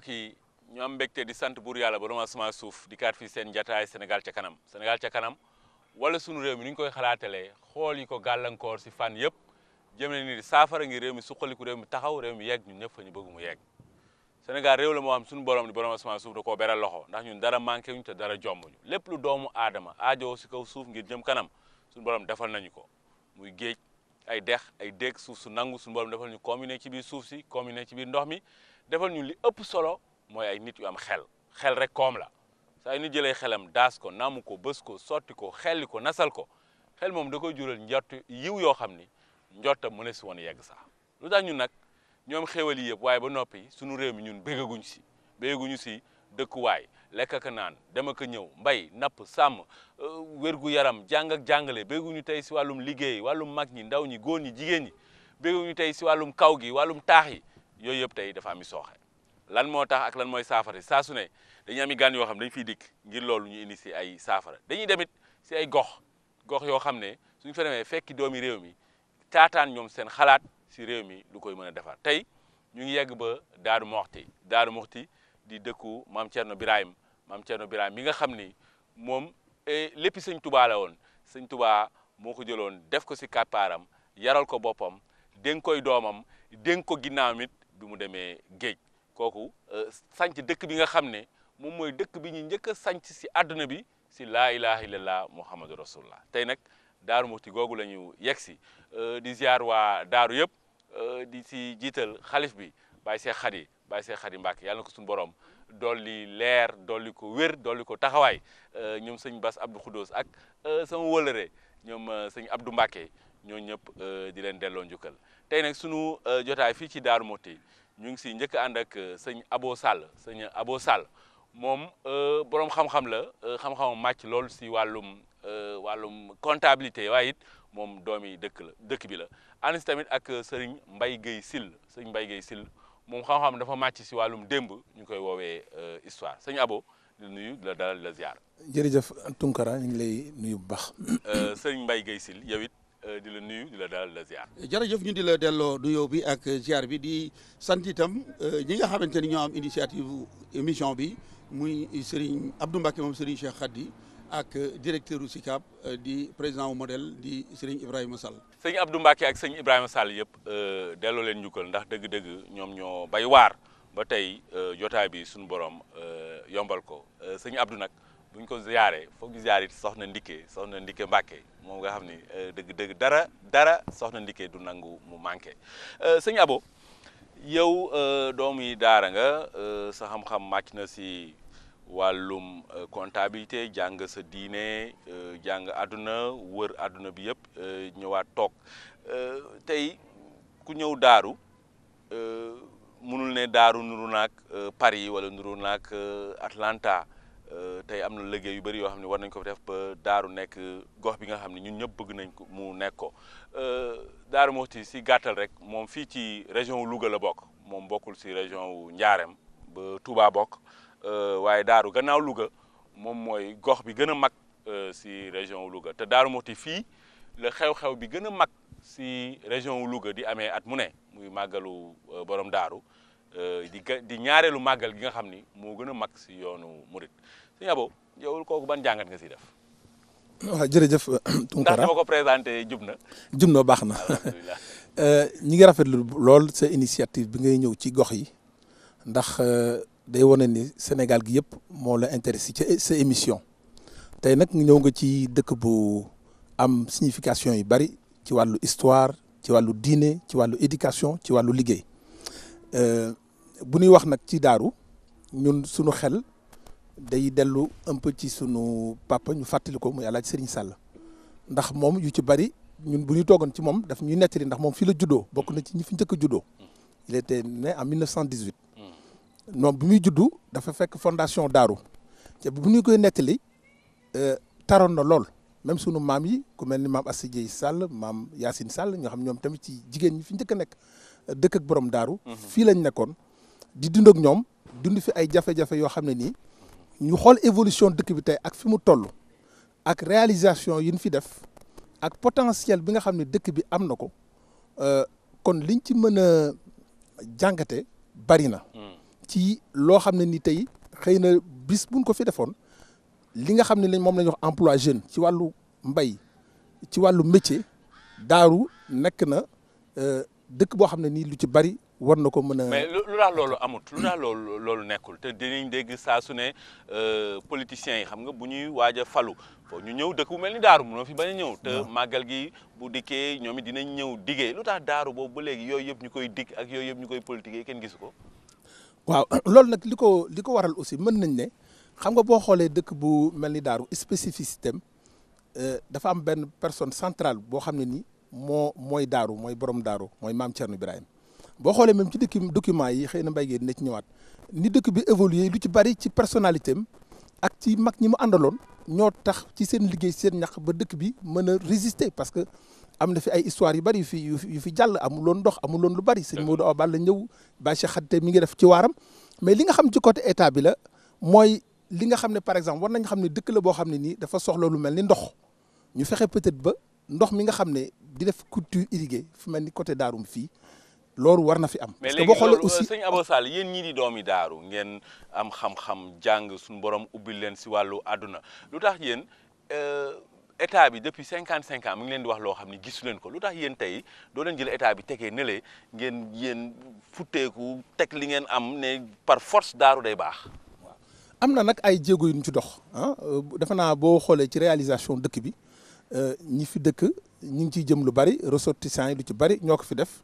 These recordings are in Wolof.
mbokk yi ñu am di sant buur yàlla borom asamaan suuf di kaat fii seen jataay Sénégal ca kanam Sénégal ca kanam wala sunu réew mi ni ñu koy xalaatalee xool yi ko gàllankoor si fànn yëpp jëm ne ni saafara ngi réew mi suqaliku réew mi taxaw réew mi yegg ñun ñëpp ñu bëgg mu yegg Sénégal réew la moo xam suñu borom di borom asamaan suuf da koo beral loxo ndax ñun dara manqué wuñu dara jomb ñu lépp lu doomu aadama aajoo si kaw suuf ngir jëm kanam suñu borom defal nañu ko muy géej ay dex ay déeg suuf su nangu suñu borom defal ñu commune ci biir suuf si commune ci biir ndox mi defal ñu li ëpp solo mooy ay nit yu am xel xel rek koom la saa yu ñu jëlee xelam daas ko naamu ko bës ko sotti ko xelli ko nasal ko xel moom da koy jural njott yiw yoo xam ni njottam mu ne si woon yegg sax lu tax ñun nag ñoom xéwal yi yëpp waaye ba noppi suñu réew mi ñun béggaguñ si béggaguñu si dëkkuwaay lekk ak naan dem ak ñëw mbay napp sàmm euh, wérgu yaram jàng ak jàngale bégguñu tey si wàllum liggéey wàllum mag ñi ndaw ñi góor ñi jigéen ñi bégguñu tey si wàllum kaw gi wàllum taax yi yooyu yëpp tey dafa am i lan moo tax ak lan mooy saafara saa su ne dañuy ami i yoo xam ne dañu fiy dikk ngir loolu ñu indi si ay saafara dañuy demit si ay gox gox yoo xam ne su fa demee fekki doomi réew mi taataan ñoom seen xalaat si réew mi lu koy mën a defar tey ñu ngi yegg ba Daaru Moxti Daaru Moxti di dëkku maam Thierno Birahim maam Thierno Birahim mi nga xam ni moom e, lépp sëñ Tubaa la woon sëñ Tubaa moo ko jëloon def ko si kàppaaram yaral ko boppam dénk koy doomam dénk ko ginnaawam it bi mu demee géej kooku euh, sanc dëkk bi nga xam ne moom mooy dëkk bi ñu njëkk a sanc si àdduna bi si laa ilaha illallah muhammadu rasulullah tey nag daaru muxti googu la ñu yegg si euh, di ziar waa daaru yëpp euh, di si jiital xalif bi bàyyi see xadi bàyyi see xadi mbàkke yàlla na ko suñu borom dolli leer dolli ko wér dolli ko taxawaay ñoom sëñ Bass Abdou Khoudous ak sama wëlëre ñoom sëñ Abdou Mbàkke ñoo ñëpp euh, di leen delloo njukkal tey nag sunu euh, jotaay fii ci Daaru Moxti ñu ngi si njëkk ànd ak euh, sëñ Abo Sall sëñ Abo Sall moom borom xam-xam la xam-xamam màcc lool si wàllum wàllum comptabilité waaye it moom doomi dëkk la dëkk bi la ànd si tamit ak sëriñ mbay Guèye sil sëñ Mbaye Guèye Sill moom xam-xam dafa màcc si wàllum démb ñu koy woowee histoire sëñ Abo di nuyu la dalal la ziar. jërëjëf Tunkara ñu ngi lay nuyu bu baax. sëriñ Mbaye Guèye Sill yow Euh, di la nuyu di la daal la ziar. jërëjëf ñu di la delloo nuyoo bi ak ziar bi di sant itam euh, ñi nga xamante ni ñoo am initiative émission bi muy Serigne Abdou Mbacké moom Serigne Cheikh Khady ak directeur u SICAP euh, di président model di Serigne Ibrahima Sall. sëñ Abdou Mbacké ak sëñ Ibrahima Sall yëpp delloo leen njukkal ndax dëgg-dëgg ñoom ñoo bay waar ba tey jotaay bi suñu borom yombal ko sëñ Abdou nag. buñ ko ziyaaree foog ñu ziyaar it soxna Ndike soxna ndikkee Mbàkke moom nga xam ni euh, dëgg dëgg dara dara soxna Ndike du nangu mu manqué euh, sëñ Abo yow euh, doom yi daara nga sa xam-xam màcc na si wàllum comptabilité jàng sa diine jàng àdduna wër àdduna bi yëpp ñëwaat toog tey ku ñëw daaru mënul ne daaru nuru naag Paris wala nuru naag Atlanta Euh, tey am na liggéey yu bëri yoo xam ne war nañ ko def ba daaru nekk gox bi nga xam ne ñun ñëpp bëgg nañ ko mu nekk ko euh, daaru Muxti si gàttal rek moom fii ci région wu Louga la bokk moom bokkul si région wu ba Touba bokk euh, waaye daaru gannaaw Louga moom mooy gox bi gën a mag si région wu Louga te daaru Muxti fii xew-xew bi gën a mag si région Louga di amee at mu ne muy màggalu borom daaru di di ñaareelu màggal gi nga xam ni moo gën a mag si yoonu Murit sëñ Abo yow kooku ban jàngat nga si def. jërëjëf Tunkara ndax jub na. jub baax na euh, ñi ngi rafetlu lool sa initiative bi ngay ñëw ci gox yi ndax euh, day wane ni Sénégal gi yëpp moo la intéressi ci sa émission tey nag ñëw nga ci dëkk bu am signification yi bari ci wàllu histoire ci wàllu diine ci wàllu éducation ci wàllu liggéey euh, bu ñuy wax nag ci daaru ñun sunu xel. day dellu un peu ci sunu papa ñu fàttali ko muy alaaj Serigne sàll ndax moom yu ci bari ñun bu ñu toogoon ci moom daf ñuy nettali ndax moom fii la juddoo bokk na ci ñu fi njëkk a juddoo il était né en 1918 moom bi muy juddu dafa fekk fondation Daaru te bu ñu koy nettali euh, taroon na lool même sunu maam yi ku mel ni maam Assa Dieye Sall maam Yacine sàll ñoo xam ñoom tamit ci jigéen ñi fi njëkk nekk dëkk ak borom Daaru. Mhm. fii lañ nekkoon di dund ak ñoom dund fi ay jafe yoo xam ne nii. ñu xool évolution dëkk bi tey ak fi mu toll ak réalisation yi ñu fi def ak potentiel bi nga xam ne dëkk bi am na ko euh, kon liñ ci mën a jàngate bari na. Hmm. ci loo xam ne ni tey xëy na bis buñ ko fi defoon li nga xam ne moom la ñuy wax emploi jeune ci wàllu mbay ci wàllu métier daaru nekk na euh, dëkk boo xam ne nii lu ci bari. war na ko mën a. mais lu tax loolu amut lu tax loolu nekkul te dinañ dégg saa su ne euh, politiciens yi xam nga bu ñuy waaj a falu ñu ñëw dëkk bu mel ni daaru mënoo fi bañ a ñëw. te màggal gi bu dikkee ñoom it dinañ ñëw diggee lu tax daaru boobu ba léegi yooyu yëpp ñu koy digg ak yooyu yëpp ñu koy politiquer kenn gisu ko. waaw loolu nag li ko li ko waral aussi mën nañ ne xam nga boo xoolee dëkk bu mel ni daaru spécificité euh, dafa am benn personne centrale boo xam ne nii moo mooy daaru mooy borom daaru mooy maam Thierno Ibrahima. boo xoolee même ci dëkk document yi xëy na mbay gi dina ci ñëwaat ni dëkk bi évolué lu ci bari ci personnalité ak ci mag ñi mu àndaloon ñoo tax ci seen liggéey seen ñax ba dëkk bi mën a résister parce que am na fi ay histoire yu bari yu fi yu fi jàll amuloon woon ndox amul lu bari seen moo Modou Awa Balla ñëw Baye Cheikh Khate mi ngi def ci waaram mais li nga xam ci côté état bi la mooy li nga xam ne par exemple war nañ xam ne dëkk la boo xam ne nii dafa soxla lu mel ni ndox ñu fexe peut-être ba ndox mi nga xam ne di def culture irriguée fu mel ni côté Daarum fii loolu war na fi am. parce que boo xoolee aussi mais sëñ Abo Sall yéen ñii di doomi daaru ngeen am xam-xam jàng suñu borom ubbil leen si wàllu àdduna lu tax yéen euh, état bi depuis cinquante cinq mu ngi leen di wax loo xam ne gisu ko lu tax yéen tey doo leen jël état bi tegee nële ngeen yéen futteeku teg li ngeen am ne par force daaru day baax. waaw am na nag ay jéego yu ñu ci dox ah euh, defe naa boo xoolee ci réalisation dëkk bi euh, ñi fi dëkk ñu ngi ciy jëm lu bari ressortissants yi lu ci bari ñoo ko fi def.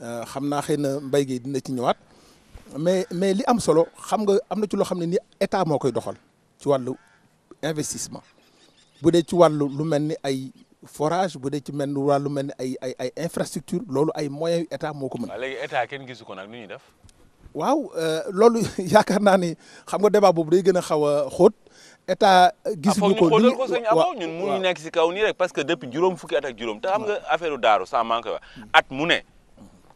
Euh, xam naa xëy na mbay gee dina ci ñëwaat mais mais li am solo xam nga am na ci loo xam ne ni état moo koy doxal ci wàllu investissement bu dee ci wàllu lu mel ni ay forage bu dee ci mel ni wàllu mel ni ay ay ay infrastructure loolu ay moyens état moo ko mën. waaw léegi état kenn gisu ko nag nu ñuy def. waaw euh, loolu yaakaar naa ni xam nga débat boobu day gën a xaw a xóot. état gisuñu ah, ko li ñu waaw ñun mënuñu nekk si kaw nii rek parce que depuis juróom fukki at ak juróom te xam nga affaire daaru sans manque mm. at mu ne.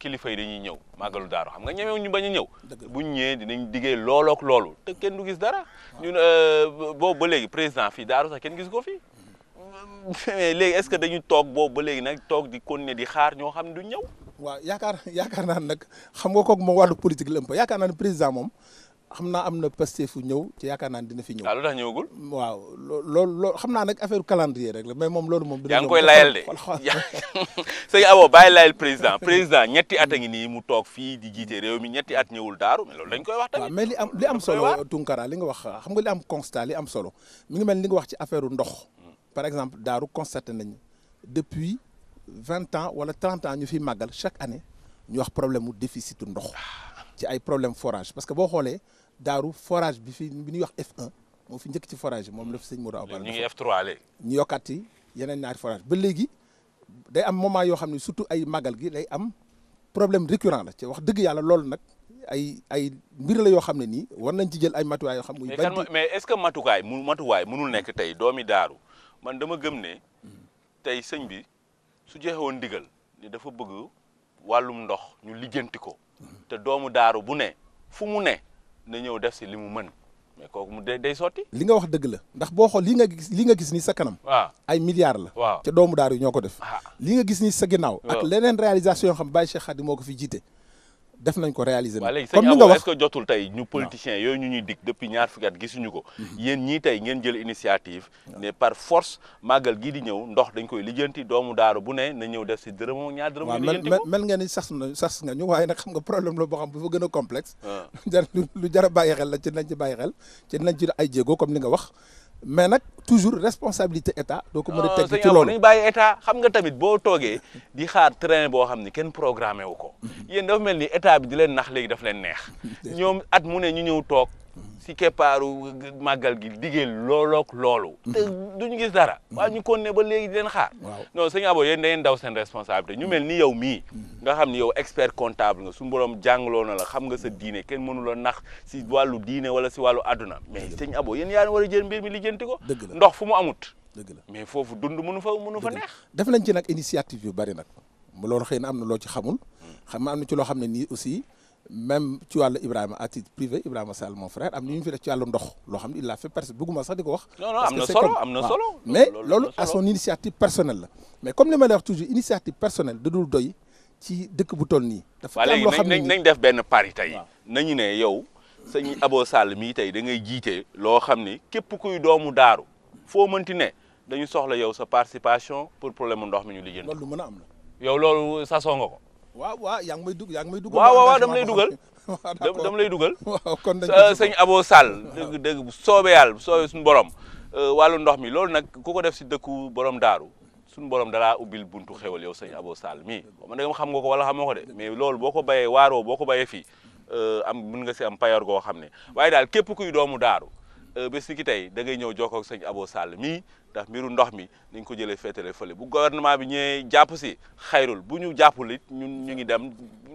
kilifa yi dañuy ñëw màggalu daaro xam nga ñemew ñu bañ a ñëw buñ ñëwee dinañ diggee loolook loolu te kenn du gis dara ñun euh, boobu ba léegi président fii daaro sax kenn gis ko fii mais mm-hmm. léegi est-ce que dañu toog boobu ba léegi nag toog di continuer di xaar ñoo xam ne du ñëw waaw yaakaar yaakaar naa nag xam nga kook moom wàllu politique la un peu yaakaar naa ne président moom xam naa am na Pastef fu ñëw ci yaakaar naa dina fi ñëw. Ah, waaw lu xam naa nag affaire calendrier rek la moom loolu moom. dina yaa ngi koy layal de sëñ Abo bàyyi layal président ñetti at ngi nii mu toog fii di jiite réew mi ñetti at ñëwul daaru mais loolu dañ koy wax tamit. waaw mais li am li am solo Tunkara li nga wax xam nga li am constat li am solo mu ngi mel ni li nga wax ci affaire ndox. Hmm. par exemple daaru constaté nañ depuis vingt ans wala trente ans ñu fi màggal chaque année ñu wax problème mu déficit ndox. Ah. ci problème forage parce que boo daaru forage bi fi bu ñuy wax F1 moo fi njëkk ci forage moom la fi sëñ Modou Awa Balla ñu ngi F3 ñu yokkaat yeneen ñaari forage ba léegi day am moment yoo xam ne surtout ay màggal gi lay am problème récurrent la ci wax dëgg yàlla loolu nag ay ay mbir la yoo xam ne nii war nañ ci jël ay matuwaay yoo xam muy mais est-ce que matukaay mu matuwaay mënul nekk tey doomi daaru man dama gëm ne tey sëñ bi su joxewoon ndigal ni dafa bëgg wàllum ndox ñu lijjanti ko mm-hmm. te doomu daaru bu ne fu mu ne na ñëw def si li mu man mais kooku mu day sotti. li nga wax dëgg la ndax boo xool li nga gis li nga gis ni sa kanam. waaw ay milliards la. waaw ca doomu daar yi ñoo ko def. Ah. li nga gis ni sa ginnaaw. ak leneen réalisation yoo xam Baye Cheikh Khady moo ko fi jiite. def nañ ko réaliser comme ni nga wax est-ce jotul tey ñu politiciens yooyu ñu ñuy dig depuis ñaar fukki at gisuñu ko mhm. yéen ñi tey ngeen jël initiative ne par force màggal gii di ñëw ndox dañ koy lijjanti doomu daaru bu ne na ñëw def si dërëmoo ñaar dërëmoo lijjanti ko mel ngeen ni sax na sax nga ñu waaye nag xam nga problème la boo xam bu fa gën a ah. lu jar a bàyyi xel la ci nañ ci bàyyi xel ci nañ ci ay jéego comme li nga wax mais nag toujours responsabilité état. doo ko mën a teg ci loolu ñu bàyyi état xam nga tamit boo toogee di xaar train boo xam ni kenn programme wu ko. yéen dafa mel ni état bi di leen nax léegi daf leen neex. ñoom at mu ne ñu ñëw toog. si keppaaru màggal gi diggéel loolook loolu te ñu gis dara waa ñu kon ne ba léegi di leen xaar non sëñ Abo yéen dangeen daw seen responsabilité ñu mel ni yow mii nga xam ni yow expert comptable nga suñu borom jàngaloo na la xam nga sa diine kenn mënuloo la nax si wàllu diine wala si wàllu àdduna mais sëñ Abo yéen yaa war a jël mbir mi lijjanti ko ndox fu mu amut dëgg la mais foofu dund mënu fa mënu fa neex def nañ ci nag initiative yu bari nag loolu xëy na am na loo ci xamul hmm. xam am na ci loo xam ne nii aussi même ci wàllu Ibrahima à titre privé Ibrahima Sall mon frère am na ñu fi def ci wàllu ndox loo xam ne il a fait personne bëgguma sax di ko wax. non non am na solo am na solo mais loolu à son initiative personnelle la. mais comme li ma dëkk bu toll nii. dafa loo xam ne nañ def benn pari tey. na ñu ne yow sëñ Abo Sall mii tey da ngay jiite loo xam ni képp kuy doomu daaru foo mënti ne dañu soxla yow sa participation pour problème ndox mi ñu lijjanti. loolu mën a am la. yow loolu sasoo nga ko. waaw waaw yaa ngi may dugg yaa may dugg. waaw waaw dama lay dugal. dama lay dugal. kon sëñ Abo Sall. dëgg bu soobee yàlla bu soobee suñu borom. Euh, wàllu ndox mi loolu nag ku ko def si dëkku borom daaru suñu borom dalaa ubbil buntu xewal yow sëñ Abo Sall mii. ma de xam nga ko wala xamoo ko de mais loolu boo ko bayee waaroo boo ko bayee euh, am mun nga si am payor goo xam ne waaye daal képp kuy doomu daaru euh, bés ni ki tey da ngay ñëw jokkoo sëñ Abo Sall mii. ndax mbiru ndox mi nañ ko jëlee féetale fële bu gouvernement bi ñëwee jàpp si xayrul bu ñu jàppul ñun ñu ngi dem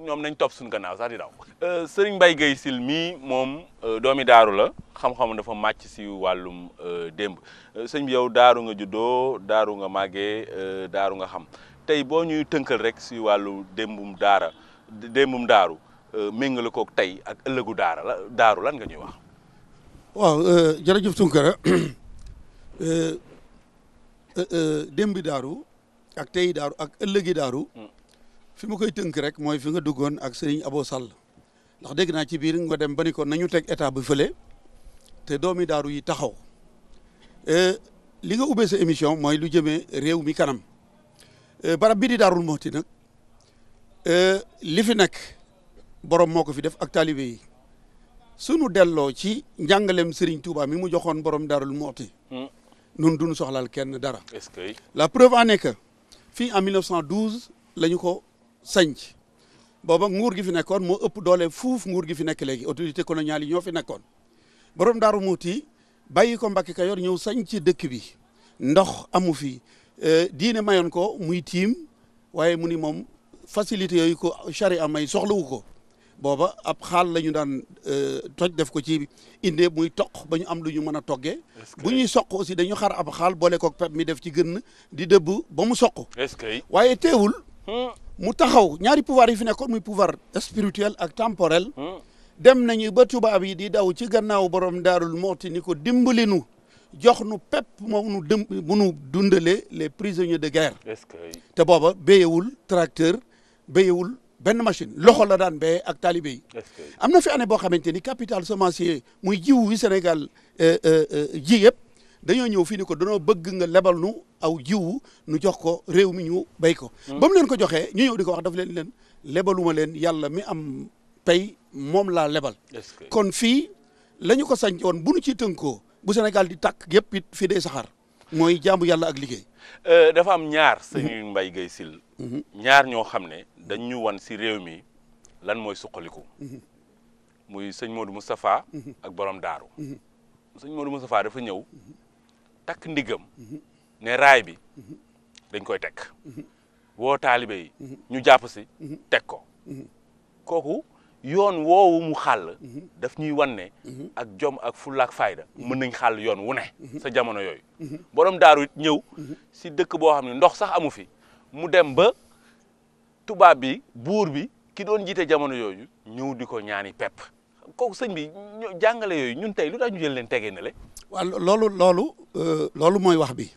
ñoom nañ topp suñu gannaaw sax di daw. Euh, Serigne Mbaye mii moom euh, doomi daaru la xam-xam dafa màcc si wàllum euh, démb sëñ bi yow daaru nga juddoo daaru nga màggee daaru nga xam tey boo ñuy tënkal rek si wàllu démbum daara démbum daaru méngale kook tey ak ëllëgu daara la daaru lan nga ñuy wax. waaw jërëjëf Tunkara Euh, euh, démbi daaru ak tey daaru ak ëllëgi daaru fi mu koy tënk rek mooy fi nga duggoon ak sëriñ aboo Sall ndax dégg naa ci biir nga dem ba ni ko nañu teg état bi fële te doomi daaru yi taxaw euh, li nga ubbee sa émission mooy lu jëmee réew mi kanam barab bii di daarul mooti nag li fi nekk borom moo ko fi def ak taalibe yi sunu delloo ci njàngalem Serigne Touba mi mu joxoon borom daarul mooti ñun duñu soxlaal kenn dara. est la preuve en est que fii en la ñu ko sañc booba nguur gi fi nekkoon moo ëpp doole fuuf nguur gi fi nekk léegi autorité ko coloniale ñaali ñoo fi nekkoon borom Daaru Muuti bàyyi ko ka yor ñëw sañc dëkk bi ndox amu fi euh, diine mayoon ko muy tiim waaye mu ni moom facilité yooyu ko charia may soxlawu ko. booba ab xaal la ñu daan euh, toj def ko ci indee muy toq ba ñu am lu ñu mën a toggee bu ñuy soq aussi dañu xar ab xaal boole ko pep mi def ci gën di dëbb ba mu soq waaye teewul hmm. mu taxaw ñaari pouvoir yi fi nekkoon muy pouvoir spirituel ak temporel hmm. dem nañu ba tubaab yi di daw ci gannaaw borom daarul mooti ni ko dimbali nu jox nu pep moom nu dëm mu nu dundale les prisonniers de guerre te booba béyewul tracteur béyewul benn machine loxo la daan béyee ak taalibe am na fi année boo xamante ni capital semencier muy jiwu yu Sénégal euh, euh, euh, ji yëpp dañoo ñëw fii ni ko danoo bëgg nga lebal nu aw jiw nu jox ko réew mi ñu bay ko hmm. ba mu leen ko joxee ñu ñëw di ko wax daf leen leen lebaluma leen yàlla mi am pay moom laa lebal kon fii la ko sañ woon bu nu ci tënkoo bu Sénégal di takk yépp it fii day saxaar mooy jaamu yàlla ak liggéey dafa am ñaar sëñ mhm. Mbaye Guèye mhm. ñaar ñoo xam ne dañ ñu wan si réew mi lan mooy suqaliku mhm. muy sëñ Modou Moustapha mhm. ak borom daaru mhm. sëñ Modou Moustapha dafa ñëw takk ndigam ne raay bi dañ koy teg woo taalibe yi ñu jàpp si teg ko kooku yoon woowu mu xàll daf ñuy wan ne ak jom ak fulla ak fayda mën nañ xàll yoon wu ne sa jamono yooyu borom daaru ñëw si dëkk boo xam ne ndox sax amu fi mu dem ba tubaab bi buur bi ki doon jiite jamono yooyu ñëw di ko ñaani pepp kooku sëñ bi jàngale yooyu ñun tey lu tax ñu jël leen tegee na le waaw loolu loolu euh, loolu mooy wax bi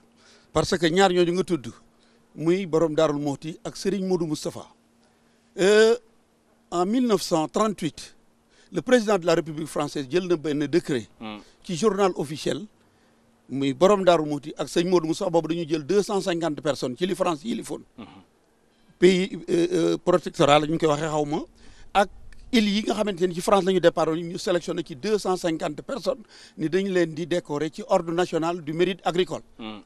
parce que ñaar ñooñu nga tudd muy borom daarul mooti ak Serigne Modou Moustapha euh, en 1938 le président de la République française jël benn décret hmm. ci journal officiel muy borom daarul mooti ak sëñ Modou Moustapha boobu dañu jël deux cent cinquante personnes ci li France yilifoon hmm. pays euh, euh, protectorat la ñu koy waxee xaw ma ak îles yi nga xamante ni ci France la ñu départ ñu sélectionné ci deux cent cinquante personnes ni dañ leen di décorer ci ordre national du mérite agricole. Hmm.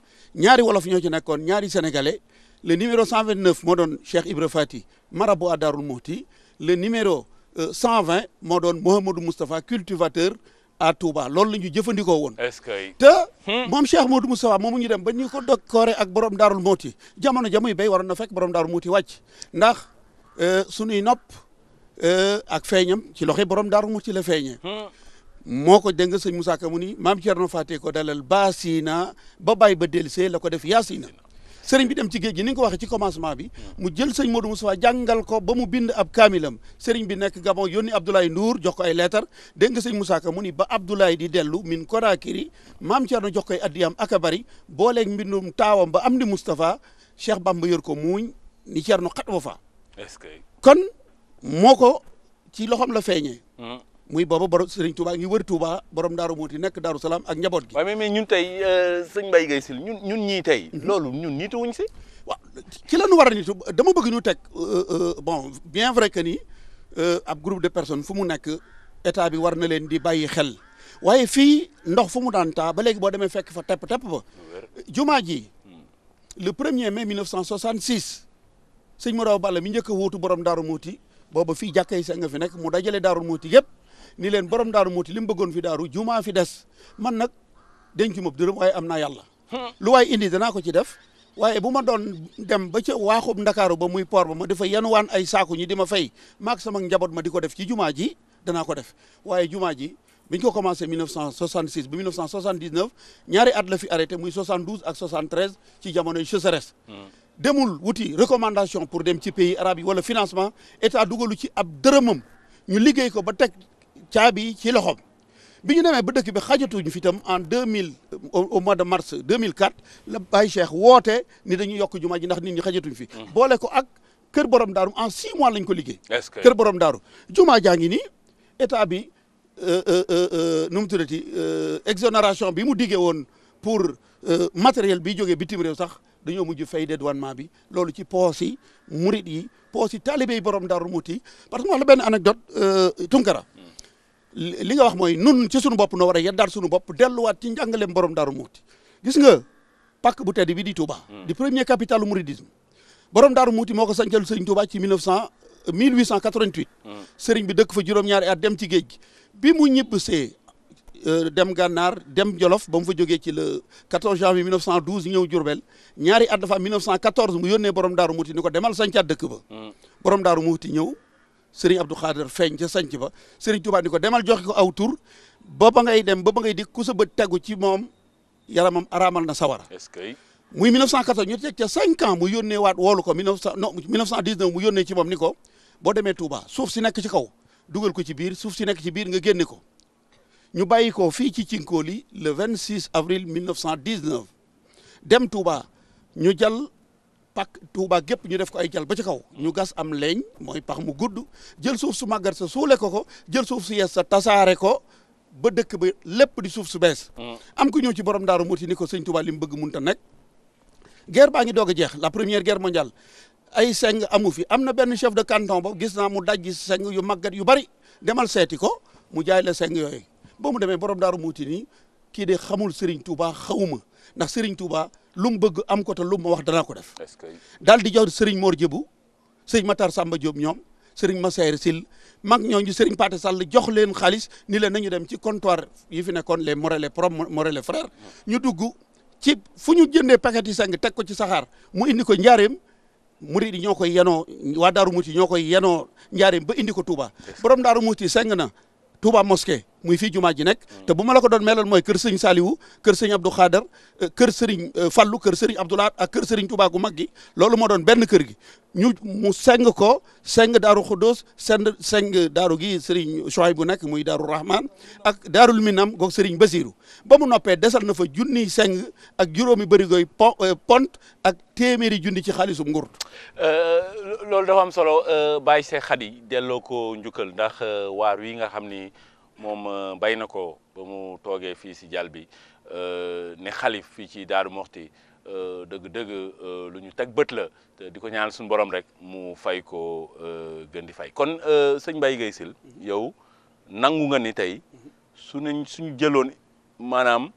ñaari wolof ñoo ci nekkoon ñaari sénégalais le numéro cent vingt neuf moo doon Cheikh Ibra Fati marabout à Darou Mouhty le numéro euh, cent vingt moo doon Mouhamadou Moustapha cultivateur. à Touba loolu la ñu jëfandikoo woon. est-ce que te hmm? moom Cheikh Modou Moustapha moomu ñu dem ba ñu ko dokkoore ak borom daarul Moti jamono jamuy bay waroon na fekk borom daarul Moti wac ndax euh, sunuy nopp euh, ak feeñam ci loxo borom daarul Moti la feeñee. Hmm? moo ko dégg sëñ Moussa Ka mu ni maam Thierno Faté ko dalal baasina ba bàyyi ba dellusee la ko def yaasina sëriñ bi dem ci géej gi ni nga ko waxee ci commencement bi mu jël sëñ Modou Moustapha jàngal ko ba mu bind ab kaamilam sëriñ bi nekk Gabon yónni Abdoulaye Ndour jox ko ay leetar dégg nga sëñ Moussa Ka mu ni ba Abdoulaye di dellu min Conakry maam Thierno jox koy addiyam ak a bari booleeg mbindum taawam ba am di Moustapha Cheikh Bamba yor ko muuñ ni Thierno xat wa fa kon moo ko ci loxoom la feeñee hmm. muy booba borom Serigne Touba ngi wër Touba borom Daaru Muti nekk Daaru Salaam ak njaboot gi. waaw mais mais ñun tey euh, sëñ Mbaye Guèye Syll ñun ñun ñii tey. Mhm. loolu ñun ñii te wuñ si. wa ci la ñu war a niitu dama bëgg ñu teg euh, euh, bon bien vrai que ni ab groupe de personne fu mu nekk état bi war na leen di bàyyi xel waaye fii ndox fu mu daan taa ba léegi boo demee fekk fa tepp tepp ba. jumaa ji hmm. le premier mai 1966 sëñ Moraw Balla mi njëkk a wuutu borom Daaru Muti booba fii jàkkee sa nga fi nekk mu dajale Daaru Muti yëpp. ni leen borom daaru muuti li mu bëggoon fi daaru jumaa fi des man nag denc ma dërëm waaye am naa yàlla hmm. lu waay indi danaa ko ci def waaye bu ma doon dem ba ca waaxub ndakaaru ba muy port ba ma dafa yan waan ay saaku ñi di ma fay maak sama njaboot ma di ko def ci jumaa ji danaa ko def waaye jumaa ji biñ ko commencé 1966 ba 1979 ñaari at la fi arrêté muy 72 ak 73 ci jamonoy sécheresse hmm. demul wuti recommandation pour dem ci pays arabes yi wala financement état dugalu ci ab dërëmam ñu liggéey ko ba teg caabi ci loxoom bi ñu demee ba dëkk bi xajatuñu fi tam en deux mille au mois de mars 2004 la Baye Cheikh woote ni dañuy yokk jumaa ji ndax nit ñi xajatuñu fi. Mm-hmm. boole ko ak kër borom daaru en six mois lañ ko liggéey. est que kër borom daaru jumaa jaa ngi ni état bi euh, euh, euh, nu mu tuddati exonération bi mu diggee woon pour matériel bi jógee bitim réew sax. dañoo mujj fay dédouanement bi loolu ci poos yi murit yi poos yi taalibe yi borom Daaru ti parce que ma wax la benn anecdote Tunkara li nga wax mooy nun ci suñu bopp noo war a yeddaat suñu bopp delluwaat ci njàngaleem borom Daaru Muxti gis nga pàkk bu tedd bi di Touba. Hmm. di premier capitalu mouridisme borom Daaru Muxti moo ko sancal sëriñ Touba ci 1900 1888. sëriñ bi dëkk fa juróom-ñaari at dem ci géej gi bi mu ñibbisee euh, dem gànnaar dem jolof ba mu fa jógee ci le 14 janvier 1912 ñëw Diourbel ñaari at dafa am 1914 mu yónnee borom daar Muxti ni ko demal sancaar dëkk ba. Hmm. borom daar muuti ñëw. sëriñ Abdou Khader feeñ ca sanc ba sëriñ Touba ni ko demal joxe ko aw tur ba ba ngay dem ba ba ngay dikk ku sa bët tegu ci moom yaramam araamal na sawara. est-ce que. muy 1914 ñu teg ca 5 ans mu yónnee waat woolu ko 1900 non 1919 mu yónnee ci moom ni ko boo demee Touba suuf si nekk ci kaw dugal ko ci biir suuf si nekk ci biir nga génne ko ñu bàyyi ko fii ci Cinkooli le 26 avril 1919 dem Touba ñu jal pak Touba gépp ñu def ko ay jal ba ci kaw ñu gas am leeñ mooy pax mu gudd jël suuf su màggat sa suule ko ko jël suuf su yees sa tasaare ko ba dëkk ba lépp di suuf su bees mm. am ku ñëw ci borom daaru muti ni ko sëñ Touba li mu bëgg munta nekk guerre baa ngi doog a jeex la première guerre mondiale ay seng amu fi am na benn chef de canton ba gis naa mu dajji seng yu màggat yu bari demal seeti ko mu jaay la seng yooyu boo mu demee borom daaru muuti nii kii de xamul Serigne Touba xawuma ndax Serigne Touba lu mu bëgg am ko te lu mu wax danaa ko def. daal di jox moor Mor Diabou ma Matar Samba Diop ñoom ma Massaer Sil mag ñooñu Serigne Pathé Sall jox leen xaalis ni leen nañu dem ci comptoir yi fi nekkoon les Morel pro Morel frère ñu dugg ci fu ñu jëndee paquet yi sang teg ko ci saxaar mu indi ko njaareem. murid yi ñoo ko yenoo waa Daaru Muti ñoo koy yenoo njaareem ba indi ko Touba borom Daaru Muti seng na Touba moske muy fii jumaa ji nekk te bu ma la ko doon melal mooy kër sëriñ Saliou kër sëriñ Abdou Khader eh, kër sëriñ eh, Fallou kër sëriñ Abdoulaye ak kër sëriñ Touba gu mag gi loolu moo doon benn kër gi ñu mu seng ko seng daaru Khoudous seng seng daaru gi sëriñ Chouaib bu nekk muy daaru Rahman ak daarul Minam goog sëriñ Basirou ba mu noppee desal na fa junniy seng ak juróomi bërigoy po eh, pont ak téeméeri junni ci xaalisum nguur. loolu dafa am solo Baye Cheikh Khady delloo ko njukkal ndax waar wi nga xam ni. moom euh, bay na ko ba mu toogee fii si jal bi euh, ne xalif fii ci Daaru Moxti euh, dëgg-dëgg lu ñu teg bët la te di ko ñaan suñ borom rek mu fay ko gën di fay kon sëñ Mbaye Guèye sil yow nangu nga ni tey su suñu suñu jëloon maanaam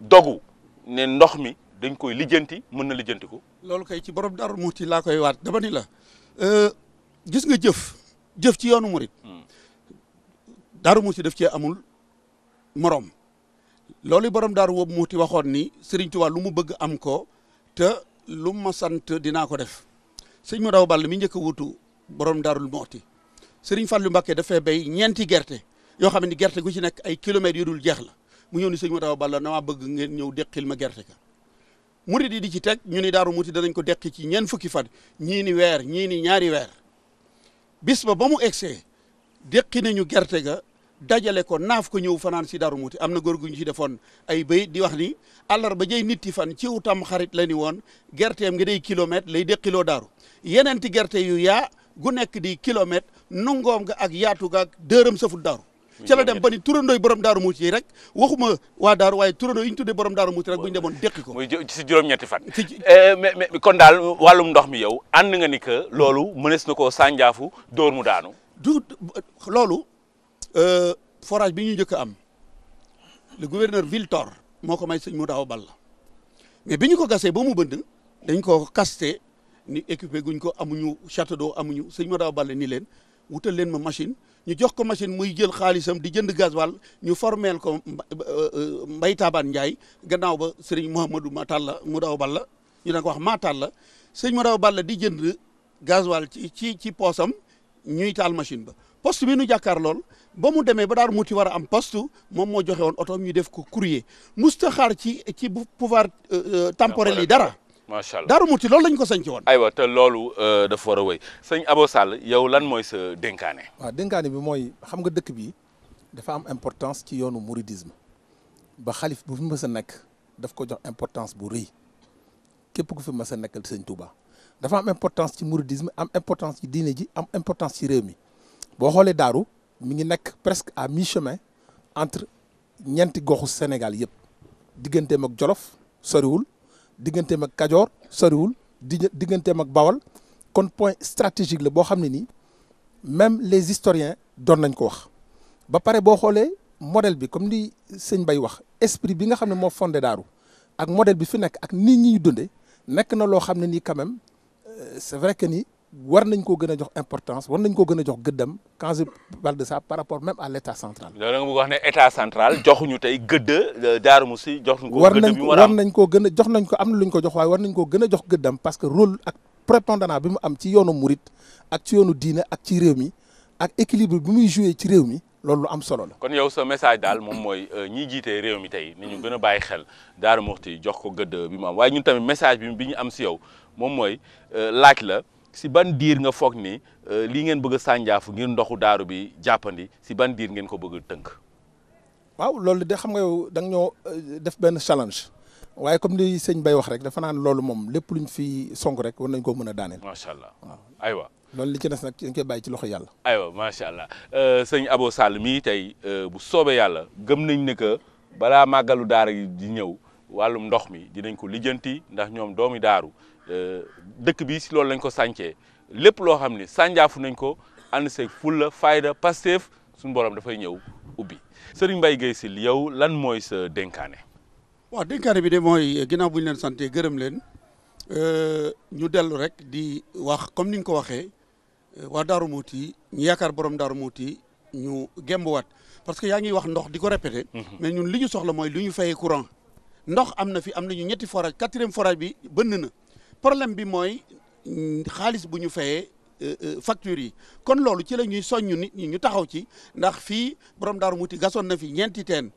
dogu ne ndox mi dañ koy lijjanti mën na lijjanti ko. loolu kay ci borom Daaru Moxti laa koy waat dama ni la gis nga jëf jëf ci yoonu murit hmm. daaru muuti daf cee amul morom loolu borom daaru woobu muuti waxoon ni Sëriñ Tuubaa lu mu bëgg am ko te lu ma sant dinaa ko def sëñ ma daw ball mi njëkk a wutu borom daarul muuti Sëriñ Fallu Mbàkke dafay béy ñeenti gerte yoo xam ne gerte gu ci nekk ay kilomètres yu dul jeex la mu ñëw ni sëñ ma daw ball damaa bëgg ngeen ñëw deqil ma gerte ga mu yi di ci teg ñu ni daaru muuti danañ ko deqi ci ñeent fukki fan ñii ni weer ñii ni ñaari weer bis ba ba mu egsee deqi nañu gerte ga dajale ko naaf ko ñëw fanaan si Darou Mouti am na gor gu ñu ci defoon ay béy di wax ni àllarba jëy nit yi fan ciw tam xarit la ni woon gerteem ngi day kilomètre lay déqiloo daaru yeneen ti gerte yu yaa gu nekk di kilomètre nungoom nga ak yaatu ga ak dërëm saful daaru dem ba ni turandooy borom daaru muuti yi rek waxuma waa daaru waaye turandoo yi ñu tuddee borom daaru muuti rek bu ñu demoon déqi ko muy si juróom-ñetti fan eh, mais kon daal wàllum ndox mi yow ànd nga ni que loolu mënees na koo sànjaafu dóor mu daanu du loolu Euh, forage bi ñu njëkk am le gouverneur Viltor moo ko may sëñ mu daaw balla mais bi ñu ko gasee ba mu bënd dañ ko kaste ni équipé guñ ko amuñu château d'eau amuñu sëñ mu daaw ball ni leen wutal leen ma machine ñu jox ko machine muy jël xaalisam di jënd gasoil ñu formeel ko euh, euh, Mbay Taabaan Njaay gannaaw ba sëriñ Mouhamadou Matalla mu daaw balla ñu daan ko wax la sëñ mu daaw balla di jënd gasoil ci ci ci poosam ñuy taal machine ba poste bi nu lool ba mu demee ba Daaru Muti war a am poste moom moo joxe woon oto ñu def ko courrier musta xaar ci ci pouvoir euh, euh, temporel yi dara. macha allah Muti loolu lañ ko sañc woon. aywa te loolu euh, dafa war a wéy sëñ Abo Sall yow lan mooy dénkaane. waaw dénkaane bi mooy xam nga dëkk bi dafa am importance ci yoonu mouridisme ba xalif bu fi mës a nekk daf ko jox importance bu rëy képp ku fi mës a nekkal sëñ Touba dafa am importance ci mouridisme am importance ci diine ji am importance ci réew mi boo xoolee Daaru. mi ngi nekk presque à mi-chemin entre ñeenti goxu Sénégal yëpp digganteem ak Jolof soriwul digganteem ak Kajoor soriwul di digganteem ak Bawal kon point stratégique la boo xam ne nii même les historiens doon nañ ko wax ba pare boo xoolee modèle bi comme ni sëñ Bay wax esprit bi nga xam ne moo fondé Daaru ak modèle bi fi nekk ak nit ñi ñu dundee nekk na loo xam ne nii quand même euh, c'est vrai que nii war nañ ko gën a jox importance war nañ ko gën a jox gëddam quand je parle de ça par rapport même à l' état central. loolu nga bëgg wax ne état central joxuñu tey gëdd euh, Darou Mousty joxuñu ko. gëddam yu war nañ ko gën a jox nañ ko am na lu ñu ko jox waaye war nañ ko gën a jox gëddam parce que rôle ak prépondérant bi mu am ci yoonu murit ak ci yoonu diina ak ci réew mi ak équilibre bi muy joué ci réew mi. loolu lu am solo la. kon yow sa message daal moom mooy euh, ñiy jiitee réew mi tey ni ñu gën a bàyyi xel Darou Mousty jox ko gëdd bi mu am waaye ñun tamit message bi bi ñu am si yow moom mooy euh, laaj la si ban diir nga foog ni euh, lii ngeen bëgg a sànjaafu ngir ndoxu daaru bi jàppandi si ban diir ngeen ko bëgg tënk. waaw loolu de xam nga yow da euh, def benn challenge waaye comme li sëñ bay wax rek dafa naan loolu moom lépp luñ fi song rek war nañ koo mën a daaneel. macha allah waaw aywa. loolu li ci des nag dañ koy ci loxo yàlla. aywa macha allah euh, sëñ Abo Sall mii tey bu soobee yàlla gëm nañ ne que balaa màggalu daar yi di ñëw wàllum ndox mi dinañ ko lijjanti ndax ñoom doomi daaru. Euh, dëkk bi si loolu lañ ko sàncee lépp loo xam ni sànjaafu nañ ko ànd seeg fulla fayda Pastef suñu borom dafay ñëw ubbi sëriñ Mbaye Guèye Sy yow lan mooy sa dénkaane. waaw dénkaane bi de mooy ginnaaw bu ñu leen sante gërëm leen euh, ñu dellu rek di wax comme ni nga ko waxee euh, waa Darou Mouti ñu yaakaar borom Darou Mouti ñu gembuwaat parce que yaa ngi wax ndox di ko répété. Mhm. mais ñun li ñu soxla mooy lu ñu fayee courant. ndox am na fi am nañu ñetti forage quatrième forage bi bënn na. problème bi mooy xaalis bu ñu fayee euh, euh, facture yi kon loolu ci la ñuy soññu nit ñi ñu taxaw ci ndax fii borom daaru muti gasoon na fi ñeenti teen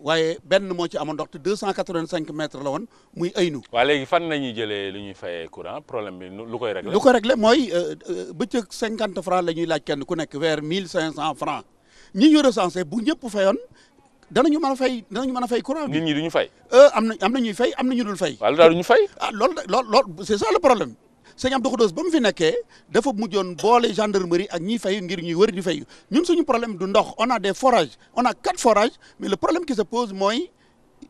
waaye benn moo ci amoon ndox te 285 mètres la woon muy aynu. waa léegi fan la ñuy jëlee lu ñuy fayee courant problème bi lu koy réglé. lu koy réglé mooy euh, bëccëg 50 francs la ñuy laaj kenn ku nekk vers 1500 francs ñi ñu recensé bu ñëpp fayoon danañu mën a fay danañu mën a fay courant bi. nit ñi duñu fay. Euh, am na am na ñuy fay am na ñu dul fay. waaw lu tax fay. ah loolu lool loolu c'est ça le problème sëñ Abdou Khoudoss ba mu fi nekkee dafa mujjoon boole gendarmerie ak ñiy fay ngir ñuy wër di fay ñun suñu problème du ndox on a des forages on a quatre forages mais le problème qui se pose mooy.